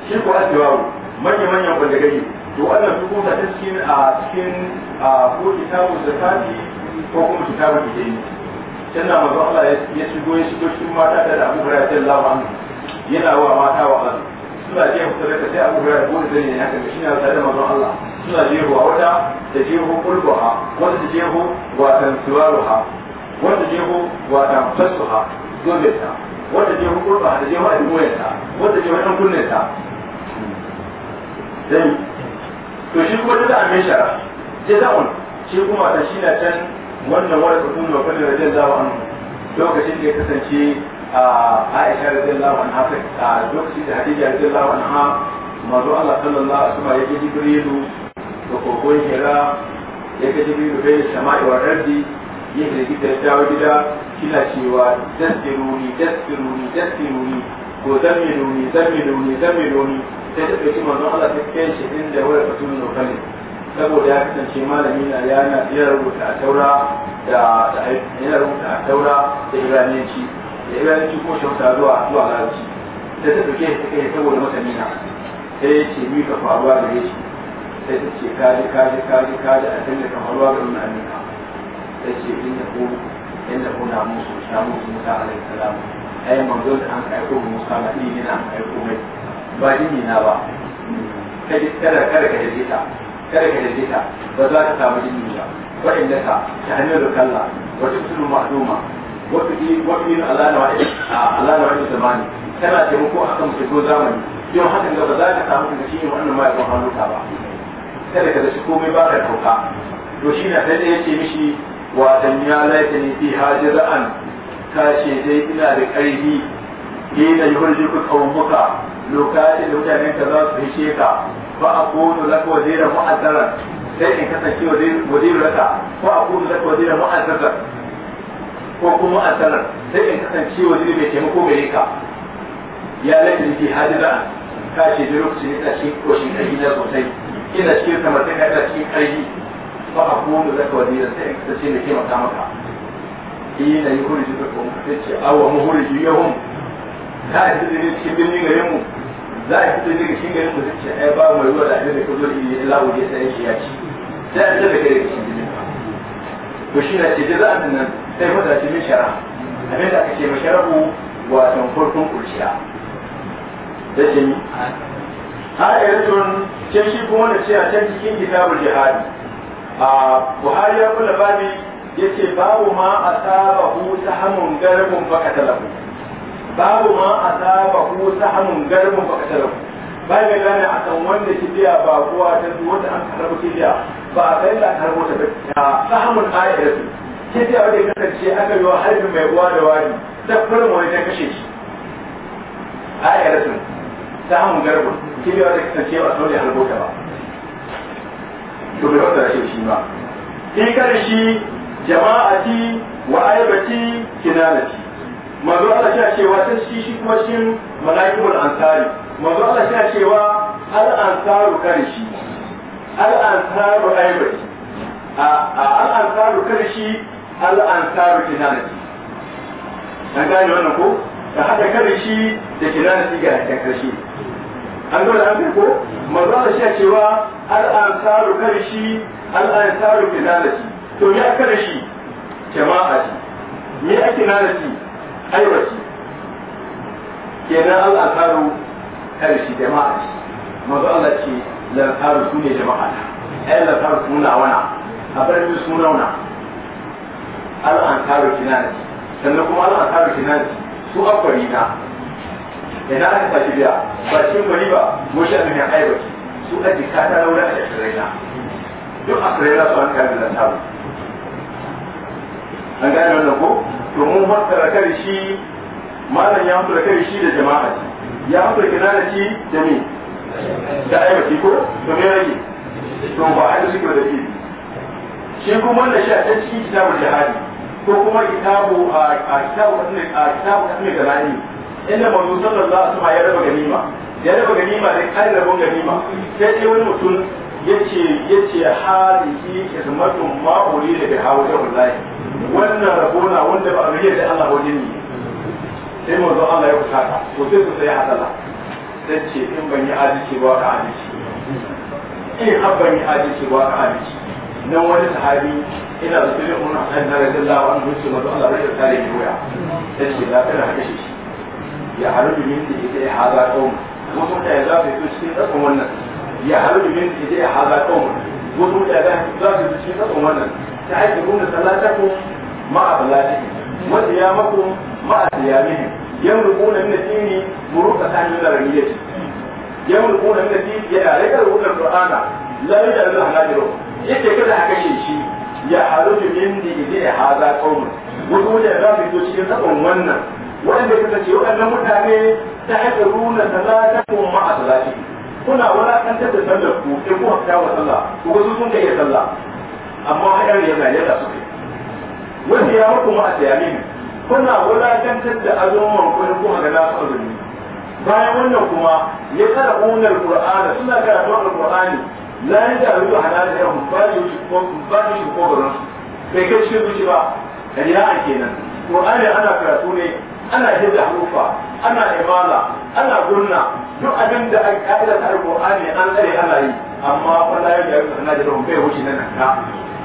shi ko asbabu manyan manyan wanda gari to wannan su kuma ta cikin a cikin a ko kitabu zakati ko kuma kitabu bidai na mazo Allah ya shigo ya shigo cikin mata da Abu ya radiyallahu anhu yana wa mata wa Allah suna jefa sadaka sai abu hurairah ko da ne haka shi ne da manzon Allah suna jefa wata da je jefa kulbuha wata da je jefa watan siwaruha wata da je jefa watan fasuha gobe ta wata da je jefa kulbuha da je jefa almuwayta wata jefa dan kunneta dai to shi kuma da amin shara jaza'un shi kuma ta shi na can wannan wata wani kudin da kullum da jazawa an lokacin da ya kasance aisha radiyallahu a ta lokaci da hadija radiyallahu anha manzo Allah sallallahu alaihi wasallam yake jibrilu da kogon hira yake jibrilu bai sama'i wa raddi yake gida dawo gida kina cewa dasiruni dasiruni dasiruni ko zamiluni zamiluni zamiluni sai da kace manzo Allah ta kai shi inda wani fatul nokali saboda ya kasance malami na yana rubuta a taura da yana rubuta a taura da iraniyanci da ya ci ko shauta zuwa zuwa larabci sai ta ɗauke shi kai saboda masani nina sai ya ce mika faruwa da ya ce sai ta ce kaji kaji kaji kaji a kan da ka faruwa ga nuna nina sai ce inda ko inda ko na musu na musu musa alaihi salam ai manzo da an kai ko musa na ɗin yana an kai ko mai ba ɗin yana ba kada kada ka yaje ta kada ka yaje ta ba za ka samu ɗini ba wa'inda ka ta hanyar da kalla wata kusurma ma'aduma wata yi Allah da wa'ida Allah da wa'ida zamani tana taimako a kan ko zamani yau hakan da ba za ka samu daga cikin wannan ma'aikon hannuka ba kada ka zaci komai ba ka toka to shi na sai ya ce mishi wa dan ya laita ni fi hajira'an ka ce dai ina da ƙarfi ina yuhurjiku qawmuka lokacin da mutanen ka za su hishe ka fa aqulu laka waziran mu'azzaran sai in kasance wazirin laka fa aqulu laka waziran mu'azzaran ko kuma a sanar sai in kasance ne mai taimako gare ka ya laifin ke da ka ce da lokacin ina ko shi ƙarfi na sosai ina cikin ka ta cikin ƙarfi ba a kuma zaka da sai in kasance mai taimaka maka ina eh, yi shi da kuma sai ce awa mu ya hun za a fito da cikin birnin gare mu za a fito da cikin gare mu sai ce ai ba mai ruwa da abin da ka zo da ila ya sai ya ci sai a fito da kai cikin birnin to shi na ce a nan sai fata ce min shara abin da aka ce shara sharabu wato farkon kurciya da ce ni tun ce shi kuma da ce a can cikin kitabul jihadi a buhari ya kula babi ya ce babu ma a sabahu ta hamun garbin fakatalahu babu ma a sabahu ta hamun garbin fakatalahu ba mai lana a kan wanda kibiya ba kowa ta su wanda an karbo kibiya ba a kai da karbo ta ba ta hamun ayar su kibiya wanda ya kasance aka yi wa harbin mai uwa da wani ta kurma wani ta kashe shi ayar su ta hamun garbo kibiya wanda ya kasance ba sau da harbo ta ba to bai wata rashin shi ba shi karshe jama'ati wa aibati kinanati manzo Allah ya cewa sun shi shi kuma shin malaikul ansari manzo Allah ya cewa al ansaru karshi al ansaru aibati a al ansaru karshi al ansaru kinanati an gane wannan ko da hada karshi da kinanati ga karshi an ga an ko manzo Allah ya cewa al ansaru karshi al ansaru kinanati to ya karshi jama'a ne ake nanati aiwaci kenan al'asaru karshe jama'a ce mazu Allah ce lantaru su ne jama'a ta ai lantaru su na wana a birni su nauna al'antaru kinani sannan kuma al'antaru kinani su akwari na ina aka tafi biya ba cikin bari ba goshi a duniya aiwaci su a jika ta laura a na. duk a na su an kari lantaru an gane wannan ko domin fassara kai shi malam ya da kai shi da jama'a ya kina da shi da ne da aibaki ko da me rage to ba a yi zikir da shi shi kuma wanda shi a can cikin kitabul jihadi ko kuma kitabu a kitabu a kitabu kasne da rani inda manzo sallallahu alaihi wasallam ya raba ganima ya raba ganima da kai rabon ganima sai dai wani mutum yace yace hadisi ismatun ma'uri da bi wallahi wannan rabona wanda ba a da Allah wajen ne sai manzo Allah ya kusa ka to sai ku sai hasala sai ce in ban yi adalci ba ka adalci in har ban yi adalci ba ka adalci nan wani sahabi ina da tsirin mun hasan na radiyallahu anhu sai manzo Allah ya tsare ni waya sai ce la kana haka shi ya harubi min da ita ya haza kaum ta ya za su yi cikin tsakon wannan ya harubi min da ita ya haza kaum ta ya za su yi cikin tsakon wannan تعجبون صلاتكم مع صلاتهم وصيامكم مع صيامهم يملكون من الدين مروءة من الرمية يملكون من الدين يا رجال القرآن لا يجعل الله نادره yake kada a kashe shi ya harutu min da izi da haza kawun wasu wajen za su zo cikin sabon wannan wanda ya kasance waɗannan mutane ta haka runa salata ko ma a salati kuna wulakantar da sallar ku sai ku wa sallah ku ga sun kai sallah amma a ya yana yana su wani ya muku ma a tsayamin kuna wulatantar da azumman kuma kuma ga nasu azumi bayan wannan kuma ya kara unar qur'ana suna karatu kurani la yaj'alu halal ya hubbani ko hubbani ko sai shi ba ake kenan qur'ani ana karatu ne ana hidda harufa ana imala ana gunna duk abin da ake ka'ida ta alqur'ani an tsare ana yi amma wala yaj'alu halal ya hubbani bai wuce nan ka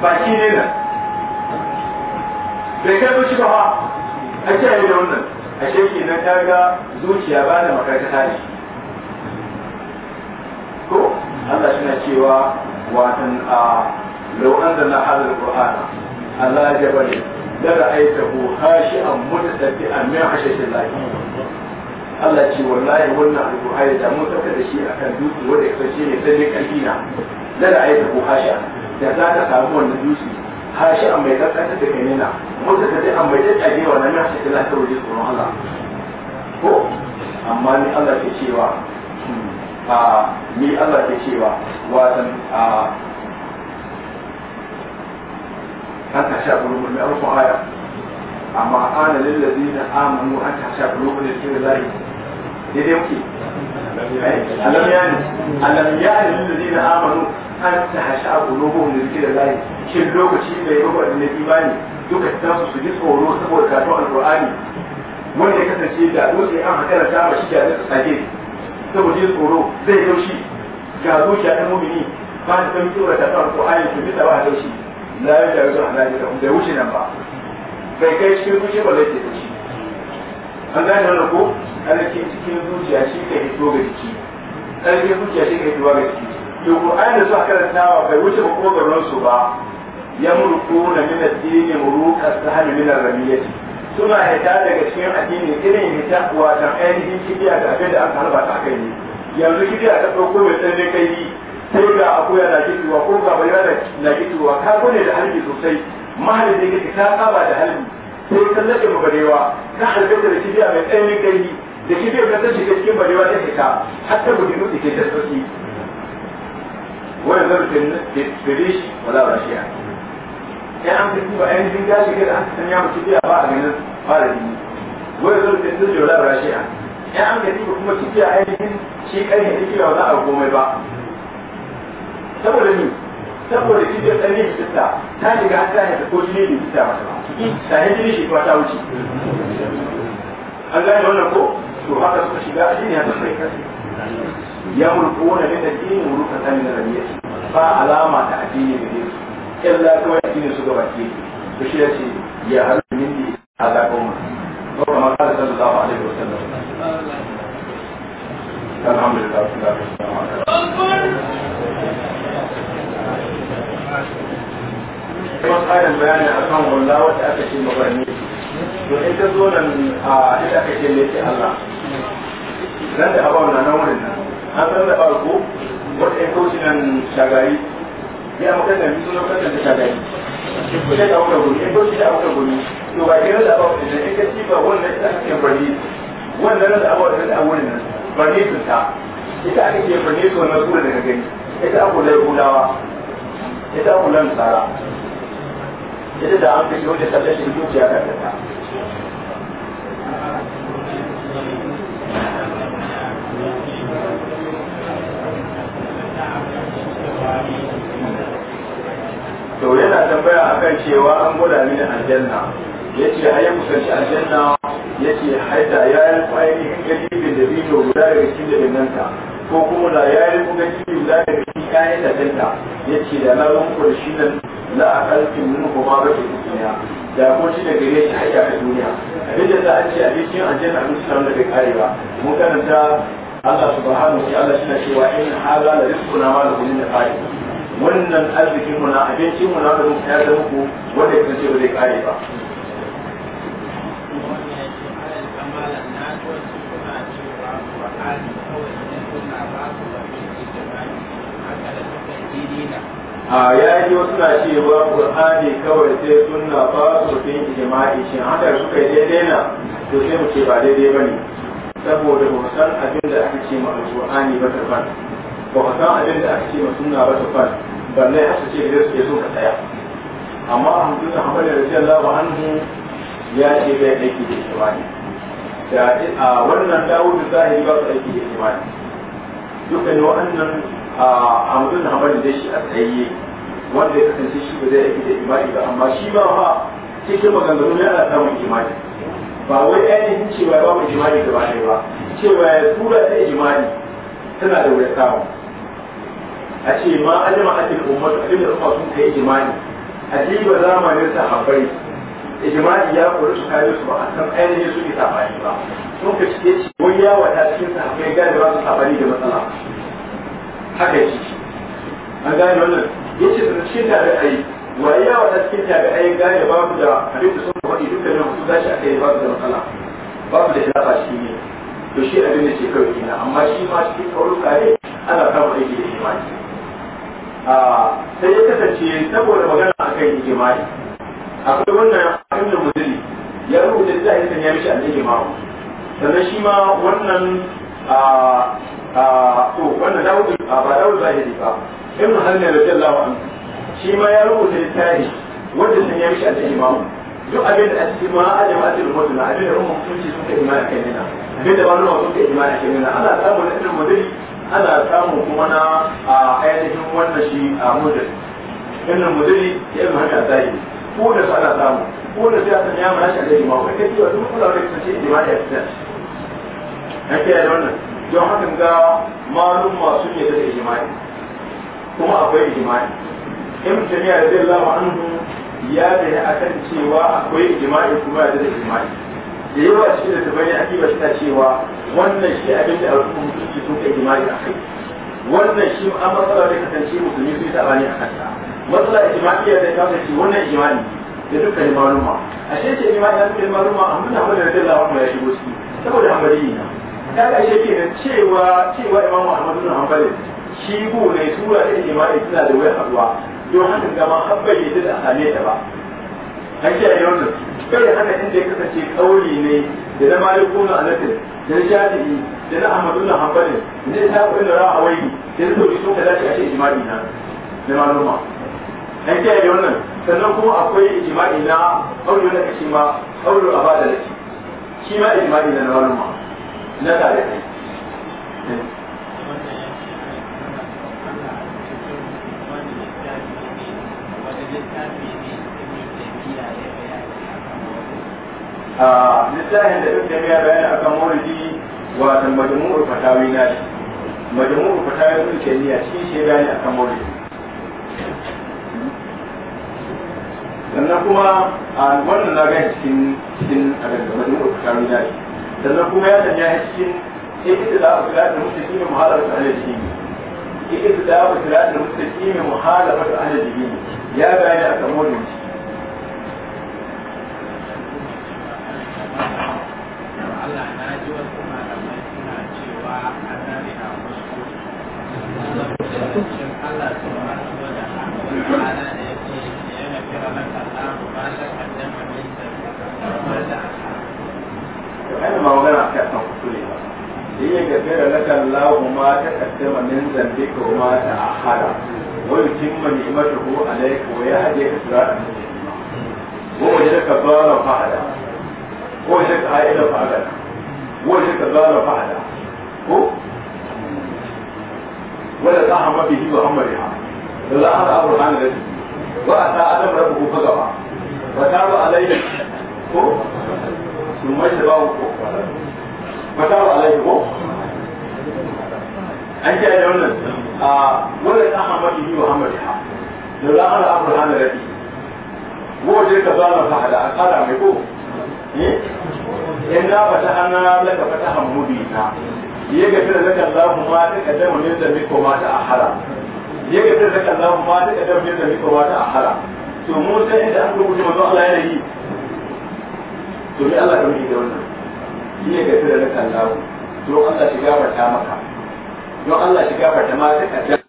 baki ne nan bai kai ba shi ba a yi da wannan a sheki na kaga zuciya ba da ta shi. ko Allah shi na cewa watan a lauran da na da Qur'ana Allah ya bari da ra'aytahu khashi'an a min khashyatin lafi Allah ce wallahi wannan alƙur'ani da mun saka da shi akan dutse wanda ya kasance ne sai kalbina da ra'aytahu khashi'an da za ta samu wannan dutse har shi an mai kankanta da kai nuna mutu ta dai an mai daddage wannan nashi ta lafiya waje tsoron Allah ko amma ni Allah ke cewa hmm, a ni Allah ke cewa watan a an ta sha bulu mai alfa aya amma ana lillazina amanu an ta sha bulu ne cikin zai daidai muke eh, alam ya ne alam ya ne lullu zai na amanu an ta hasha a gulobo wani suke da layi shin lokaci da ya rubar da imani duka tasu su ji tsoro saboda katon alkur'ani wanda ya kasance da dutse an hakara ta mashi da zai tsage saboda ji tsoro zai taushi ga zuciya ta mumini ba ta sami tsoro ta ko alkur'ani su bi tsaba taushi la ya jawo da halali da wuce nan ba bai kai cikin kushe ba zai taushi an gane wannan ko ƙarfin cikin zuciya shi ka hito ga jiki ƙarfin zuciya shi ka hito ga jiki to Qur'ani da suka karantawa bai wuce ba kokarin su ba yamruquna min ad-dini muruqa sahl min ar-ramiyati suna hita daga cikin addini irin hita watan ainihin kibiya da abin da aka harba ta kai ne yanzu kibiya ta ɗauko mai tsalle kai yi sai ga akuya na gituwa ko ga bayyana na gituwa ka gode da halbi sosai mahalin da yake ta saba da halbi sai kan nake barewa ta halbeta da kibiya mai tsayin gani da kibiyar da ta shiga cikin barewa ta fita har ta gudu da ke ta sauki wannan zarfin shi wala rashiya ya an fi ba yan jin gashi kada an sanya mu kibiya ba a ganin fara jini wannan da firish wala rashiya ya an gani ba kuma kibiya ainihin shi kai da kibiya ba za a komai ba saboda ni saboda kibiyar ɗari da sista ta shiga an ta da ko ne da sista mata ta yi jini shi kuma ta wuce an gane wannan ko to haka suka shiga a jini haka kai kasi ya mulko wani da jini mulka ta ne da rabiya ba alama ta addini da yesu illa kawai addini su gaba ke to shi ya ce ya halu min di a zaɓon ko kama kala sallallahu alaihi wasallam الحمد Alhamdulillah, alhamdulillah. العالمين kuma tsarin bayani a kan wanda wadda aka ce mabarni to in ta zo nan a inda aka ce leke Allah nan da abawa na nan wurin nan an san da farko wadda ya kauce nan shagari ya makar da bisu na kasance shagari sai da wuka gumi in kauce da wuka gumi to ba kira da abawa da in ka ci ba wannan ita ake barni wannan da abawa da a wurin nan barni sun ta ita aka ake barni sun na tura daga gani ita abu da ya ya da tsara ya da an fi yau da tsallashin zuciya da ta to yana tambaya a kan cewa an gwada mini aljanna ya ce har yi kusanci aljanna ya ce haita ya yi ainihin galibin da bidiyo guda daga cikin da ta. ko kuma da ya yi kuka cikin da ya fi kayan da dinta ya ce da na lauyan shi nan da a ƙarfin mun kuma rashin duniya da ko shi da gare shi hayya a duniya abin da za a ce abincin ajiyar abinci na da bai kare ba mun karanta Allah subhanahu wa ta'ala shi na cewa in hala da rizquna ma da kullin da kare wannan arzikin mu na abincin mu na da mu ya da muku wanda ya kace ba zai kare ba Thank you. a ya yi wasu na ba qur'ani kawai sai faso ba su bin ijma'i shin haka suka yi daidai na to sai mu ce ba daidai ba ne saboda ba san abin da aka ce ma qur'ani ba ta fan ba ka san abin da aka ce ma suna ba ta fan ba na su ce da suke so ka tsaya amma a hamdu da hamdu da an anhu ya ce bai aiki da ijma'i da a wannan dawo da zahiri ba su aiki da ijma'i duka ne wa'annan a mutum da hamari da shi a tsaye wanda ya kasance shi ba zai aiki da imani ba amma shi ba ba cikin maganganu ne ana samun imani ba wai ainihin cewa ba mu imani gaba ba ba cewa ya tura ta imani tana da wuri samu a ce ma ajima ajin da ajin da sun kai imani ajiba zamanin sahabbai ijma'i ya kori su kare su ba a san ainihin ke sabani ba sun ka cike ci wani yawa ta cikin sahabbai gane ba su sabani da matsala haka ya ciki an gane wannan ya ce da cikin tare a yi wani yawa ta cikin tare a yi gane ba ku da abin da sun faɗi dukkanin su zashi a kai ba su da matsala ba ku da shafa shi ne to shi abin da ke kawai kina amma shi ma cikin kawai kare ana samun aiki da ijma'i ah, sai ya kasance saboda magana a akan ijma'i akwai wannan ibn mudiri ya rubuta da hadisin ya mishi annabi ma sannan shi ma wannan a a to wannan dawud ba dawud zahiri ba ibn halmi radiyallahu anhu shi ma ya rubuta littafi wanda sun ya mishi annabi ma duk abin da ake ma ajin ajin mutum na abin da rumun kunci sun ka imani kai nuna abin da wani sun ka imani kai nuna ana samun na ibn mudiri ana samu kuma na a ainihin wannan shi a mudiri ibn mudiri ya ibn halmi zahiri ko da su ana samu ko da su ya sanya ma shi ma jima'a kai kai duk kula da jima'i a ya tsaya ake da wannan don haka ga malum masu ne da jima'i kuma akwai jima'i in jami'a da zai lawa anhu ya a kan cewa akwai jima'i kuma ya da jima'i da yawa cikin da tabbai ake ba shi ta cewa wannan shi abin da al'umma suke sun kai jima'i a kai wannan shi an matsala da kasance musulmi sun yi tabani a kansa matsala ijma'iyya da ta ce wannan imani da dukkan maluma a shi ce imani da dukkan maluma amma na hada da Allah kuma ya shigo ciki saboda hanbali ne ta ga shi ke cewa cewa Imam Ahmad na Hanbali shi go ne sura ta imani suna da wayar haduwa don haka gama habbai da da hale ta ba An hakki a yau da haka inda ya kasance kauli ne da na malikuna anatin da na shafi'i da na ahmadu na hanbali da na ta'u'in da ra'awayi da na sauri sun ka dace a ce imani na da maluma an kiyaye da wannan sannan kuma akwai ijma'i na aure na kashi ma aure a ba da laki shi ma ijma'i na nawalin ma na tare da a littafin da duk da ya bayani a kan maulidi wa majmu'ul fatawi na shi majmu'ul fatawi sun ce niyya shi shi bayani a kan maulidi sannan kuma a wannan na gani cikin cikin abin da majalisar tsakanin yaki sannan kuma ya sanya ya cikin ikita da abu da mutaki mai muhalar da ahli jihimi ikita da abu da mutaki mai muhalar da ahli jihimi ya bayani a kan wani ciki Allah na ji wasu malamai suna cewa a zari a wasu Allah sun masu da hannun أنا ما وقنا كاتم كتولي ليغفر لك الله ما تقدم من ذنبك وما تأخر ويتم نعمته عليك ويهديك صراطا مستقيما ووجدك ضالا فعلا ووجدك عائلا فعلا ووجدك ضالا فعلا ولا تعمى به وعمرها لا هذا أبو العالم وأتى آدم ربه فقطع fataru alaihi ko sun mai da bawo ko fataru alaihi ko an ce da wannan a wala ta hamadu bi muhammad ha da la ala abraham rabi wo je ka zana fa hada akara mai ko eh inna fatahna laka fatahan mubina yaga tare da Allahu ma ta kadama min da miko a ta ahara yaga tare da Allahu ma ta kadama min da miko ma ta ahara to mu sai inda an rubuta manzo Allah yana yi to ni Allah dauki da wannan shi ne ga tsira na kallawo to Allah shi gafarta maka don Allah shi gafarta ma ta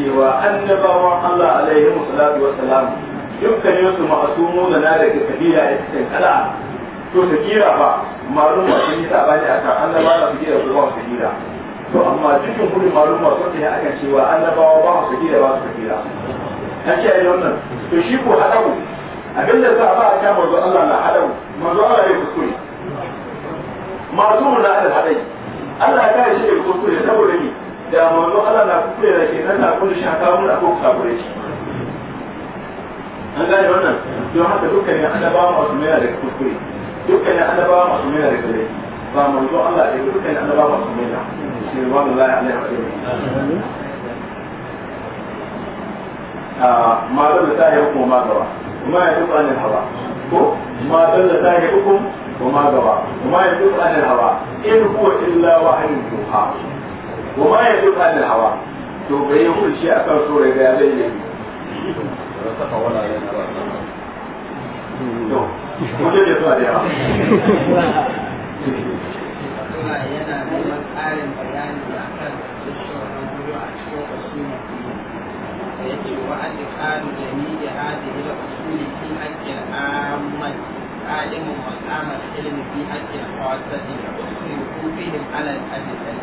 cewa annabawan Allah alaihi wasallatu wassalam dukkanin su ma'asumu da na daga kabila da cikin kala to ta kira ba malum ba sun yi sabani akan annabawa su kira su ba su kira to amma cikin kudin malum ba sun yi akan cewa annabawa ba su kira ba su kira an ce ai wannan to shi ko hadabu abinda za a ba a kan manzo Allah na hadabu manzo Allah ya kuskure ma'asumu na hadabu Allah ya kare shi da kuskure saboda ni da manzo Allah na kuɗe da ke nan na kuɗe shi haka mun ko kafure shi an gane wannan don haka dukkanin annabawa masu mera da kuskure dukkanin annabawa masu mera da kare ba manzo Allah da dukkanin annabawa masu mera shi ne wannan lai Allah ya faɗi ma dalla ta yi hukum ma gaba kuma ya duk anil hawa ko ma da ta yi hukum wa ma gaba kuma ya duk anil hawa in huwa illa wahyun yuha wa ma ya zuba da hawa to bai yi hulci ya zai yi da zuwa da yawa yana neman ƙarin bayani a kan tsoron gudu a cikin usuli da ya ce wa ake ƙaru da ni da hadi ila usuli fi hakkin ahmad alimin makamar ilmi fi hakkin kawasati da usuli ko fihim alal adisai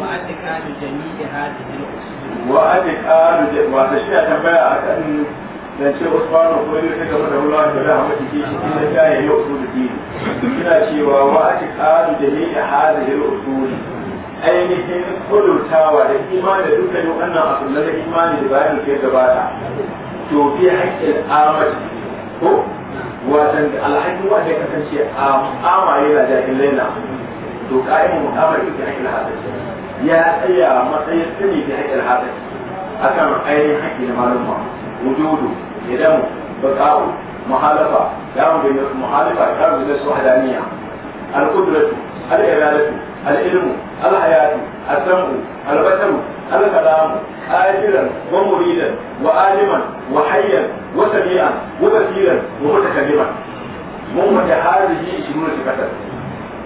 وأتكال جميع هذه الأصول وأتكال وأتشيع تنبيع أكأن dan ce Usman Ubayyu sai gaba da Allah da rahmatu ke shi da kai ya usul din ina cewa wa atiqadu jami'a hadhihi al-usul ainihin kulutawa da imanin da dukkanin wannan asullan da imanin da bayanin ke gabata to fi haƙƙin amal ko watan alhaji wanda ya kasance a amaye na jahilai na to ka'imu mukamar ita haƙƙin hadisi ya tsaya matsayin sani da haƙƙin haɗin kan ainihin haƙƙi na malumma wujudu idan baka'u muhalafa damu bin muhalafa damu bin su hadaniya al-qudratu al-iradatu al-ilmu al-hayatu al samu al-basaru al-kalamu ajiran wa muridan wa aliman wa hayyan wa sami'an wa basiran wa mutakalliman mun mata hadihi 20 sifatan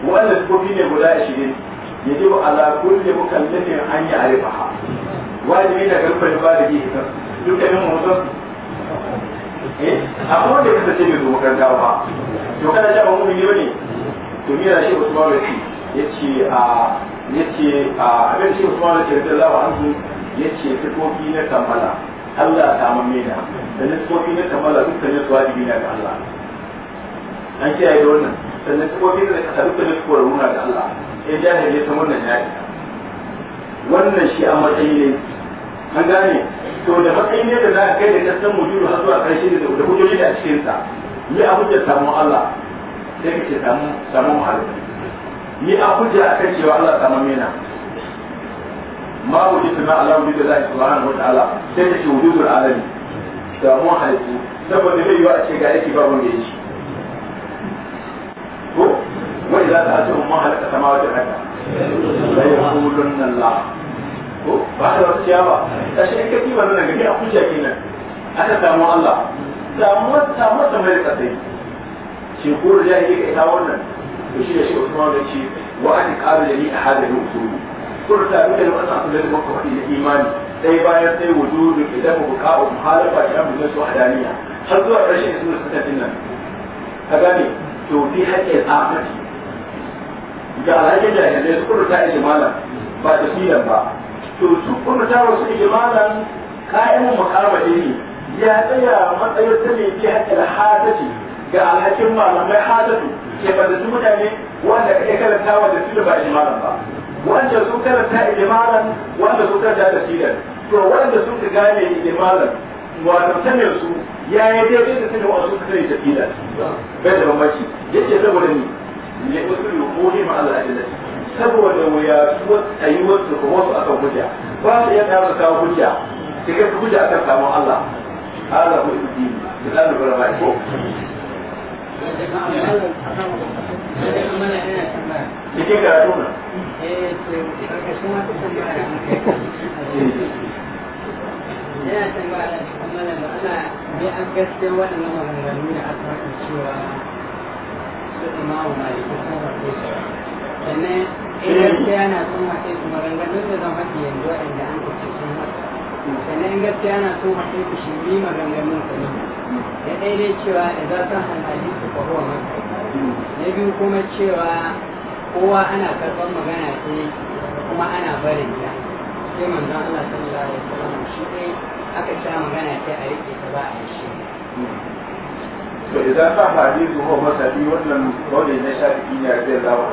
wa'annas kofi ne guda 20 yajibu ala kulli mukallafin an ya arifaha wajibi da garfar ba da yi kan dukkanin mutum eh amma wanda ka tace mai makaranta ba to kana ja ba mu ne bane to mira shi Usman Rafi yace a yace a abin shi Usman Rafi radiyallahu anhu yace tafofi na kamala Allah ta mamme na da nisbobi na kamala dukkanin su wajibi na ga Allah an kiyaye da wannan sannan tafofi na kamala dukkanin su koramu na ga Allah ya jahilai ta wannan ya wannan shi a matsayi ne an gane to da matsayi ne da za a kai da kasan mutum har zuwa karshe da da hujjoji da a cikin sa ni a hujjar samu Allah sai kace samu samu muhalli ni a hujja akan cewa Allah samu mena ma wujud ma Allah wujud Allah subhanahu wa ta'ala sai kace wujudul alami samu muhalli saboda bai yiwa a ce ga yake babu ne shi وإذا سألتهم ما خلق السماوات والأرض ليقولن الله بعد الصياغة أشياء كثيرة من الجميع أقول شاكينا أنا سامو الله سامو سامو سامو الكثير شيخور جاهلية إتاونا وشي شيخ عثمان وشي وأن قابل لي أحد الأصول قلت أبدا لو أن أصل الموقف إلى الإيمان sai bayan sai wujudu idan mu ka mu halafa shi an su hadaniya har zuwa ƙarshen sunan sakatin nan ka gane to fi haƙƙin ahmadi ga alhakin jahilai su kuma ta ijimalan ba da filan ba to su kuma ta wasu ijimalan kayan mukamali ne ya tsaya matsayin ta ne ke haƙƙin hadaci ga alhakin malamai hadatu ke su mutane wanda kake karanta wa da filan ba ijimalan ba wanda sun karanta ijimalan wanda sun karanta da filan to wanda sun ka gane ijimalan wato sanin su ya yi daidai da ne wasu suka yi da filan bai da mamaci yake saboda ni ya wasu yuquli ma Allah ajalla saboda waya su ayyuwar su kuma su akan hujja ba su iya kawo kawo hujja sai ka hujja akan samun Allah Allah ko idini da Allah bara ko cikin karatu na yana tambaya da kamar da ana bi an gaske waɗannan maganganu da aka cewa sannan in gaskiya na son mace su shi yi maganganun sa ne da ɗaya dai cewa da za ta hankali su kwaho a masa na biyu kuma cewa kowa ana karɓar magana ce kuma ana barin ta sai manzon Allah sallallahu alaihi wasallam shi dai aka sha magana ce a rike ta ba a yi shi to idan sa hadisi ko masali wannan kawai na shafi ne a zai zawa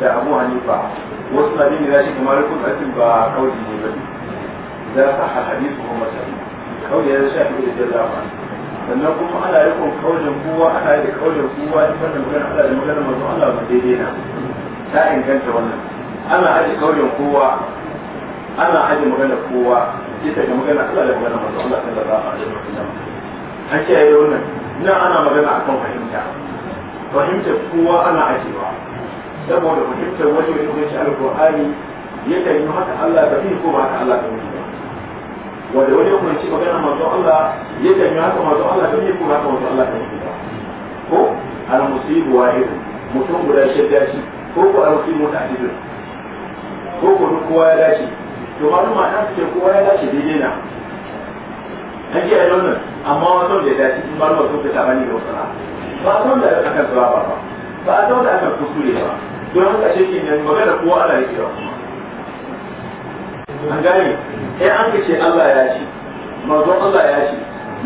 da abu hanifa wasu na jini shi kamar kun asin ba kawai ne ba ne idan sa hadisi ko masali kawai ya shafi ne zai zawa sannan kuma ana yi kun kaujin kowa ana yi da kaujin kowa in wannan magana ana da magana mazu Allah ba daidai na ta inganta wannan ana aje kaujin kowa ana aje magana kowa bisa ga magana Allah da magana mazu Allah sallallahu alaihi wasallam an kiyaye wannan nan ana magana akan fahimta fahimta kowa ana ajewa saboda fahimtar wani mai lokaci alkur'ani yakan yi haka Allah da ko ba haka Allah da fi ba wanda wani hukunci magana manzo Allah yakan yi haka manzo Allah da fi ko ba haka manzo Allah da fi ba ko al musibu wahid mutum guda shadda shi ko ko al musibu ta'didu ko ko kowa ya dace to maluma ta ce kowa ya dace daidai na an ji a nan amma wasu da dace sun malama sun fita bane da wasu ba don da da akan zuwa ba ba ba a san da aka kuskure ba don haka shi ke nan magana kowa ana yake kira kuma an gani. eh an ce Allah ya ce manzon Allah ya ce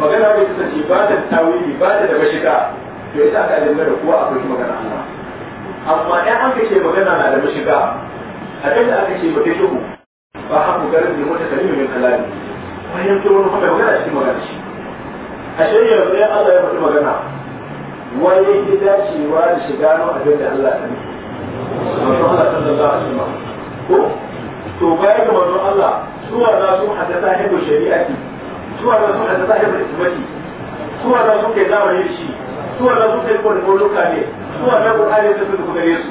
magana bai ce ba ta tawili ba ta da mashiga to ita aka dinga da kowa akwai magana Allah amma eh an ce magana na da mashiga abin da aka ce ba ta shigo ba haku garin da wata kalimi min Bayan fahimtar wani kuma magana cikin magana shi a shirya bayan Allah ya faɗi magana wani yake dacewa da shiga nan abin da Allah ya nufi manzon Allah sallallahu alaihi wasallam ko to bayan ga manzon Allah suwa za su hada sahibu shari'ati suwa za su hada sahibu ismati suwa za su kai zamani da shi suwa za su kai kowane koloka ne suwa na Qur'ani da su gare su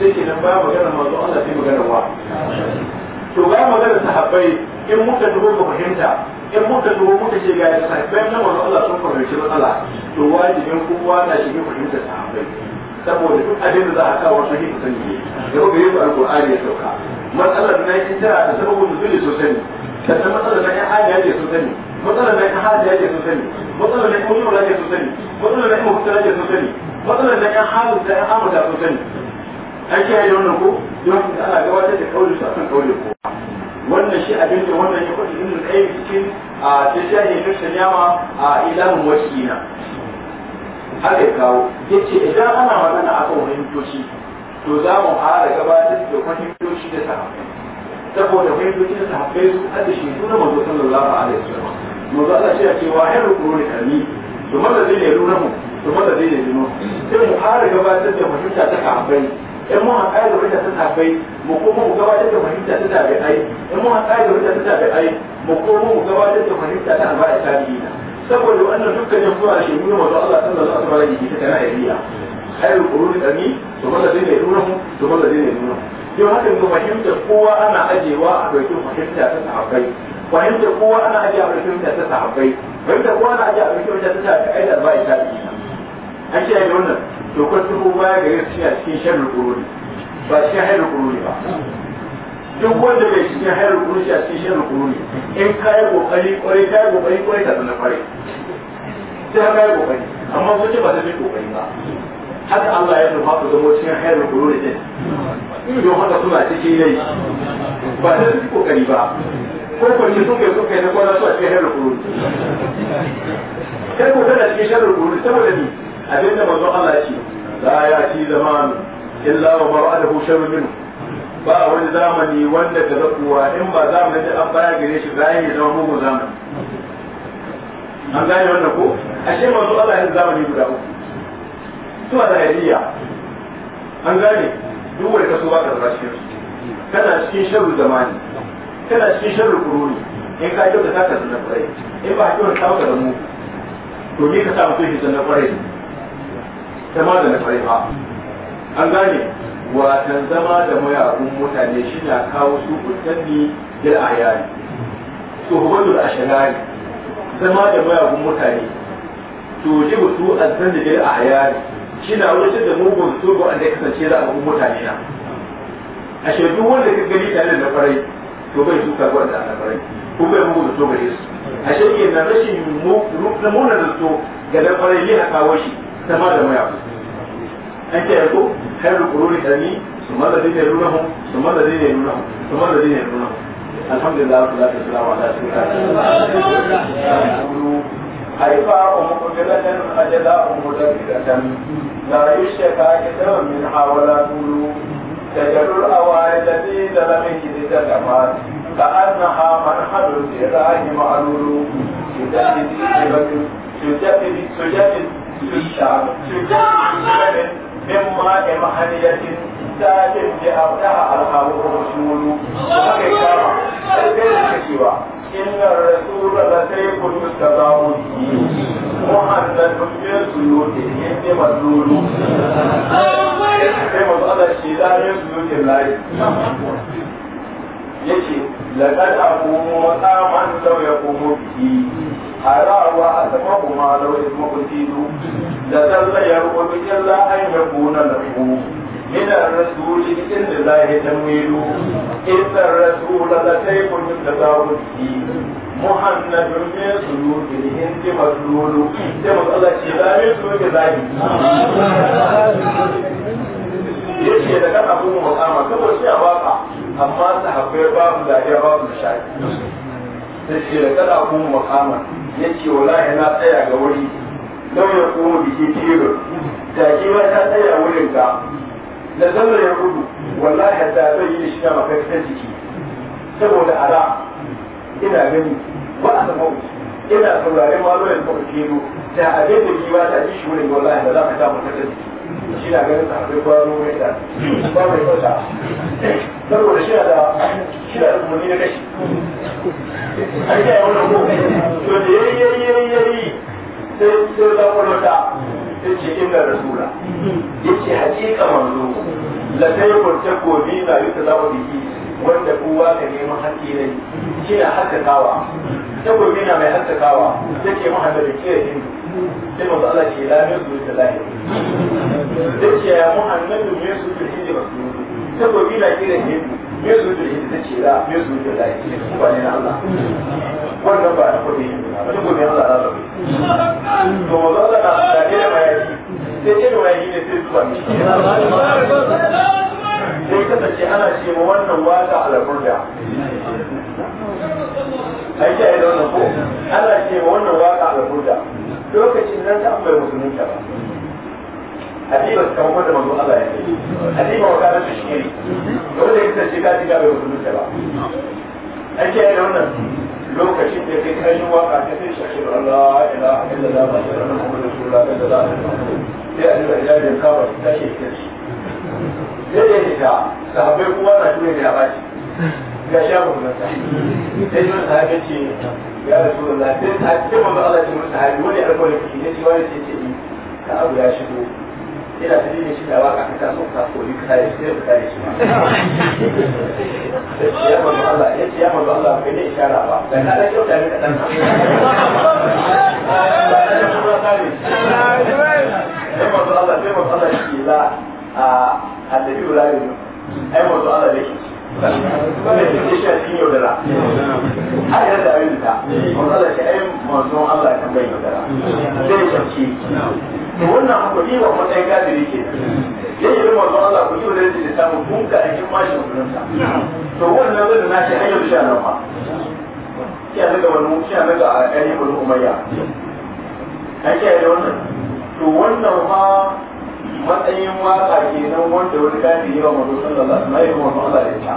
sai ke nan ba magana manzon Allah sai magana wa to bayan magana sahabbai in muka dubo mu fahimta in muka zo muka ce ga yasa bayan nan wani Allah sun fahimci matsala to wajibin kowa na shi shige fahimta ta habai saboda duk abin da za a kawo sun hita sani ne da kuka yi alkur'ani ya sauka matsalar na yi tara da sababin nuzuli so sani sannan matsalar na yi hadiya ce sosai ne matsalar na yi hadiya ce sosai ne matsalar na yi kuma mutuwa ce sosai ne matsalar na yi mutuwa ce sosai ne matsalar na yi halin da ya amurta sosai ne an ce kiyaye wannan ko don da ana gabatar da kaulin su a akan kaulin kowa wannan shi abin da wannan ya kwaɗi ibn qayyim cikin a tashahi fi sanyawa a ilahun wakina haka kawo yace idan ana magana akan fahimtoci to za mu fara gabatar da fahimtoci da sahabbai saboda fahimtoci da sahabbai su hada shi suna manzo sallallahu alaihi wasallam manzo Allah shi ya ce wa hayru quruni kalmi to mallazi ne mu, to mallazi ne dinu sai mu fara gabatar da fahimta ta sahabbai in mun haƙa da wajen ta tafai mu koma mu gabatar da fahimta ta tabi'ai in mun haƙa da wajen ta tabi'ai mu koma mu gabatar da fahimta ta alba'a tabi'ina saboda wannan dukkanin kuma da shekaru mazu Allah sallallahu alaihi wa sallam ta kana yariya khairu quruni dani to wanda zai ne dunahu to wanda zai ne dunahu yau haka yanzu fahimtar kowa ana ajewa a ɗauki fahimta ta sahabbai fahimtar kowa ana ajewa a ɗauki fahimta ta sahabbai fahimtar kowa ana ajewa a ɗauki fahimta ta tabi'ai da alba'a tabi'ina an kiyaye wannan to ko tuhu baya ga su a cikin sharri kuruni ba cikin hayar kuruni ba duk wanda bai cikin hayar kuruni a cikin sharri kuruni in ka yi kokari kwarai ka yi kokari kwarai ka zana kwarai sai ka yi kokari amma wace ba ta bi kokari ba haka Allah ya nufa ku zama cikin hayar kuruni din don haka suna cikin yayi ba ta bi kokari ba ko kwanci suke suke na kwana su a cikin hayar kuruni sai ko tana cikin sharri kuruni saboda ni abinda manzo Allah ce la ya ci zamanu illa wa mar'adahu sharrun minhu ba wani zamani wanda ga zakuwa in ba zamani da an baya gare shi bayan ya zama mugun zamani an gane wannan ko ashe manzo Allah ya zamani guda uku suna da hadiya an gane duk wanda kaso ba ka zama cikin kana cikin sharru zamani kana cikin sharru kuruni in ka kyauta ta ka zanna kwarai in ba ka kyauta ta ka zanna mu to ni ka samu kai zanna kwarai zama da na ba an gane watan zama da mayakun mutane shi na kawo su kutanni bil ayari to hukumar da ashagari zama da mayakun mutane to ji su zan da bil ayari shi na wuce da mugun su ga wanda kasance da abubuwan mutane na a shaidu wanda ka gani tare da farai to bai su ga a ana farai ko bai mugun su gare su a shaidu na rashin mugunan da su ga na farai yi kawo shi sama da mayafi an ke ko khairul quruni qarni thumma alladhina yalunahum thumma alladhina yalunahum thumma alladhina yalunahum alhamdulillah wassalatu wassalamu ala rasulillah حيفاء مقبلة أجلاء مدبرة لا يشتكى كثير منها ولا طول تجر الأوائل في ظلمه لتتفات كأنها منحل الإله معلول تجدد سجدد الشعر مما بمحلية ساد لأبدها الهاوه الرسول وكيف تلك إن الرسول لسيف يستضاع به مهند من سيوته إن مدلول في مسألة الشيطان يسلوك الله يجي لقد أقوم مقاما لو يقوم به harawa a sama kuma lauyin makuntilu da zallayar wani yalla an yi kuna na ku من الرسول بإذن الله تمويل إن الرسول لسيف تداول فيه محمد من سلوك الهند مسلول كما قال الشيطان من سلوك الله yake da kan abu mu'amma saboda shi a waka amma sahabbai babu da ya babu shaki sai da kan abu mu'amma ya ce wallahi na tsaya ga wuri lau ya kuma biki tiro da ki ma ta tsaya wurin ka da zama ya gudu wallahi da zai yi shi ma kai ta jiki saboda ala ina gani ba a sama ina saurari ma ya da kuke da abin da ki ba ta ji shi wurin wallahi ba za ka samu ta jiki shi na ganin da akwai kwaro mai da ba mai kwata saboda shi da shi da umarni na kashi an yi yawon da to da yayi yayi yayi yayi sai sai da kwalota sai ce inda rasula yace hakika manzo la sai ko ta yi na yuta biki wanda kowa ka neman haƙƙi ne shi na haskakawa ta gobi na mai haskakawa yake muhammadu ke hindu sai ala ce la mai zuwa ta lahi da ce ya muhammadu mai ta na kira mai ta ta ce la mai ta lahi ba ne na allah wannan ba na kudi ta allah na to ala na da ne da sai ce ne sai zuwa ne sai ana ce ma wannan waka alaburda ai yi da wannan ko ana ce ma wannan waka lokacin nan ta ambar ta ba Habiba ta kuma da manzo Allah ya ce Habiba wa kana shiri dole da kace ka ji ga bai ta ba ake yi wannan lokacin da kai kai ka ta sai shi Allah ilaha illallah wa sallallahu alaihi rasulullah sallallahu alaihi wasallam sai a yi ji ka ba ta shi ta shi sai da ita sahabbai kuma na tuni da ya baci ga shafu nan sai sai sahabbai ce ya rasu da lafiya ta ce mun da Allah ce mun wani alƙawari kake ne shi wani ce eh, ka abu ya shigo ina ta ne shi da waka ka taso ka so ni kare shi sai kare shi ma ya mun Allah ya ce ya mun Allah ka ne ishara ba da ka da ta ne ka dan ya mun Allah sai mun Allah shi la a annabi Ibrahim ai mun Allah da shi wannan ke shi cikin yaudara har yadda a yi ta matsala shi ayin manzon Allah kan bai yaudara zai shafci to wannan hakuri wa matsayin gadiri ke ya yi da manzon Allah ku yi wa zai samu kun ka aikin mashi mutunta to wannan zai na shi hanyar shi a nan ma shi a daga wani shi a daga a ƙari wani umayya an kiyaye wannan to wannan ma matsayin waka nan wanda wani yi yawa mazo sallallahu alaihi wa sallam Allah ya ta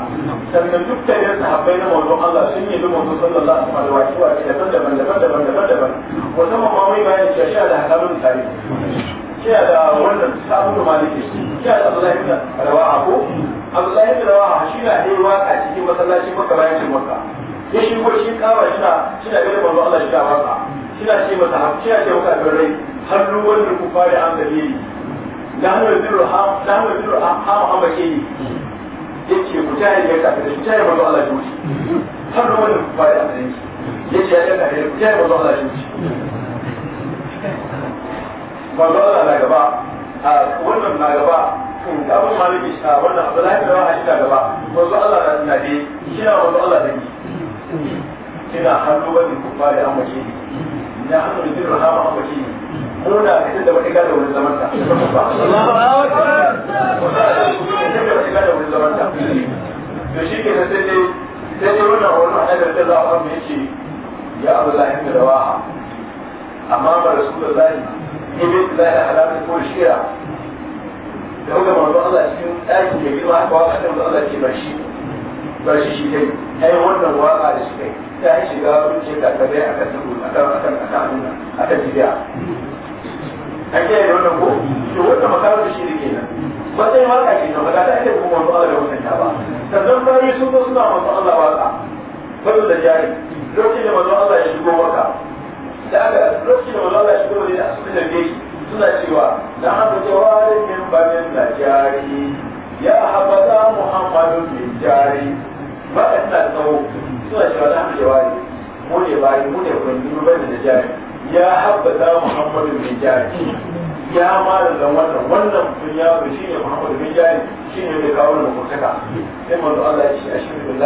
sannan duk da ya sahabbai na mazo Allah sun yi mazo sallallahu alaihi wa sallam waki daban daban daban daban daban daban wata mamma mai bayan cewa sha da hakamun tare kiya da wannan sabu da maliki kiya da Allah ibn rawaha ko Allah ibn rawaha shi da yayi waka cikin masallaci maka bayan cin maka ya shigo shi kawa shi na shi da gaban Allah shi da waka shi na ce masa shi na ce maka garai har ruwan da ku fara an dalili lahu yadiru ha lahu yadiru ha ha ha ne yake ku tare da ka da tare da Allah ya wuce hmm. har da wannan ba da amfani yake ya daga da ku tare da Allah ya wuce ba hmm. Allah na gaba a wannan na gaba kun hmm, da abin maliki a wannan Abdullahi da wani da gaba wanzu Allah na na dai shi na wanzu Allah da ni kina hannu wani kuma da amfani na hannu yadiru ha ha amfani ko da mutum da wani gada wani zamanta to shi ke sai dai sai dai wannan wani annabi da za a samu yake ya abu lahin da rawaha amma ba rasulullahi ne bai da ya halaka ko shira da kuma manzo Allah cikin ɗaki da girma aka waka da Allah ke ba shi ba shi shi kai ai wannan waka da shi kai ta shiga wuce ka kabe akan tudu akan akan a kan jiya a ce da wannan ko to wannan makarar da ne kenan matsayin waka kenan ba ta ake kuma wasu Allah da wannan ta ba sannan bayi sun zo suna masu Allah waka bayu da jari lokacin da manzo Allah ya shigo maka da aka lokacin da manzo Allah ya shigo a su da ke suna cewa da haka jawarin min bayan da jari ya habaza muhammadu bin jari waɗannan tsawo suna cewa da haka jawari mu ne bayi mu ne kwanci mu bai da jari ya habbata muhammadu bin jari ya mara da wannan wannan mutum ya shi ne muhammadu bin jari shi ne da kawo da mutaka sai manzo Allah ya ce a shirin ne da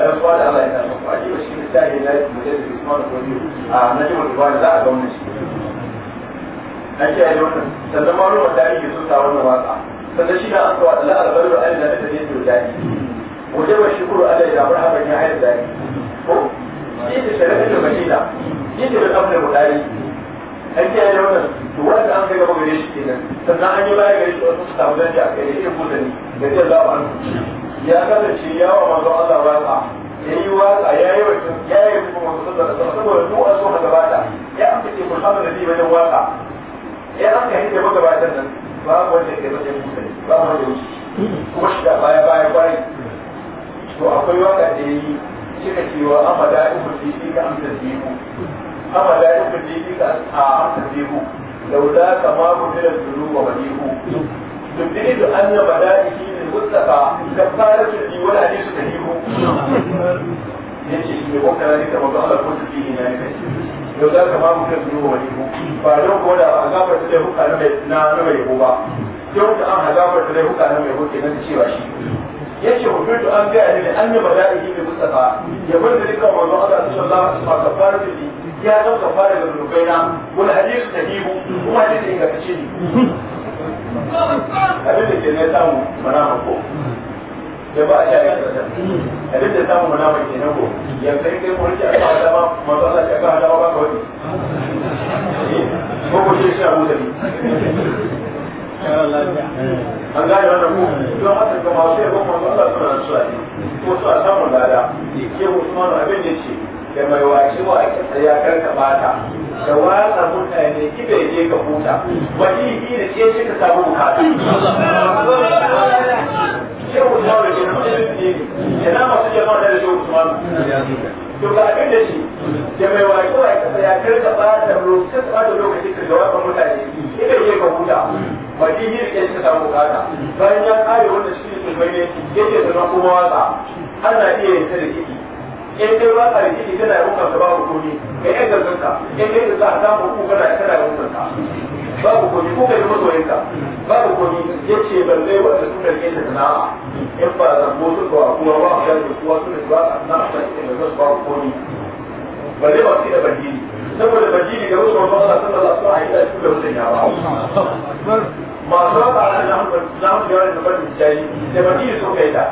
da Allah ya shi ne na yi da isma da kwani a za a shi ce a yi sannan ma ruwan wannan sannan shi na an kawo da da da ta ne da jari wajen ba shi kuro Allah ya zaɓar ya yi ko shi ne shi ne da amsa mutari an kiyaye da wannan to wanda an kai gaba gare shi kenan sannan an yi baya gare shi wasu su samu danci kai da irin mutane da zai zaɓa ya kasance ya wa manzo Allah waka ya yi waka ya yi wa ya yi wa kuma wasu da saboda duk wasu ka gabata ya amsa ke Muhammad da bi wajen waka ya amsa hinda magabatan nan babu wanda ke wajen mutane ba wanda ya wuce kuma shi da baya baya kwarai to akwai waka da ya yi kika cewa amma da in kuɗi ki ka amsa zibu amma da in kuɗi ka amsa zibu laula kama kutila zulu wa wadihu dubdini da anna bada'i shi ne mustafa kafaratu li wala hadisu sahihu yace shi ne ko kana ne kamar Allah ko su fihi ne kai laula kama kutila zulu wa wadihu ba don ko da an gafar da hukumar na na mai ba don da an hagafar da hukumar mai hukumar kenan cewa shi yace hukuntu an ga ne an yi malaiki da mustafa ya bar da dukkan manzo Allah sallallahu alaihi wasallam fara da ya ga kafara da rubaina wal hadith sahihu kuma hadith ga kace ni abin da ke ne samu mana ko ya ba a sha yin rasar abin da mana ba ke nago ya kai kai ko rike ba da ba manzo Allah ya ga da ba ka wani eh, ko ko shi sha mu da ni an gane wannan ko don haka ga masu yabon manzo Allah suna da suwa ne ko suna samun lada ke Usman abin da ce da mai wace wa ake tsaya karka bata da watsa mutane kibe je ka huta wani yi da ce shi ka samu bukata ke Usman da ke nuna ne ne na masu jama'a da ke Usman to ga abin da shi da mai wace wa ake tsaya karka bata lokacin da bata lokacin ka jawabin mutane kibe je ka huta madini da ke ta bukata bayan ya kare wanda shi ne sulmai ne yake zama kuma wasa ana iya yin ta da kiki in dai ba ka da kiki kana yi hukunta babu komi ga yan in dai za a samu ku kana yi kana yi hukunta babu komi ko ka yi masoyinka babu komi ya ce wanda ta in ba su ba kuma ba kuwa su ne ba a da babu komi ba su da saboda da ya ba masu raba ala na zamu ga wani babban jari da madini suka yi ta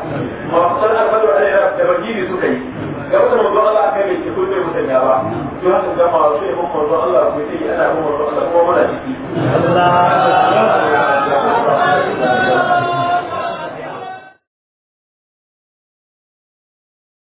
masu san albado ala da madini suka yi ga wata manzo Allah kai mai ce kullum mutum ya ba to haka ga masu yi mun manzo Allah ko yi ana mun manzo Allah kuma mana ciki Allah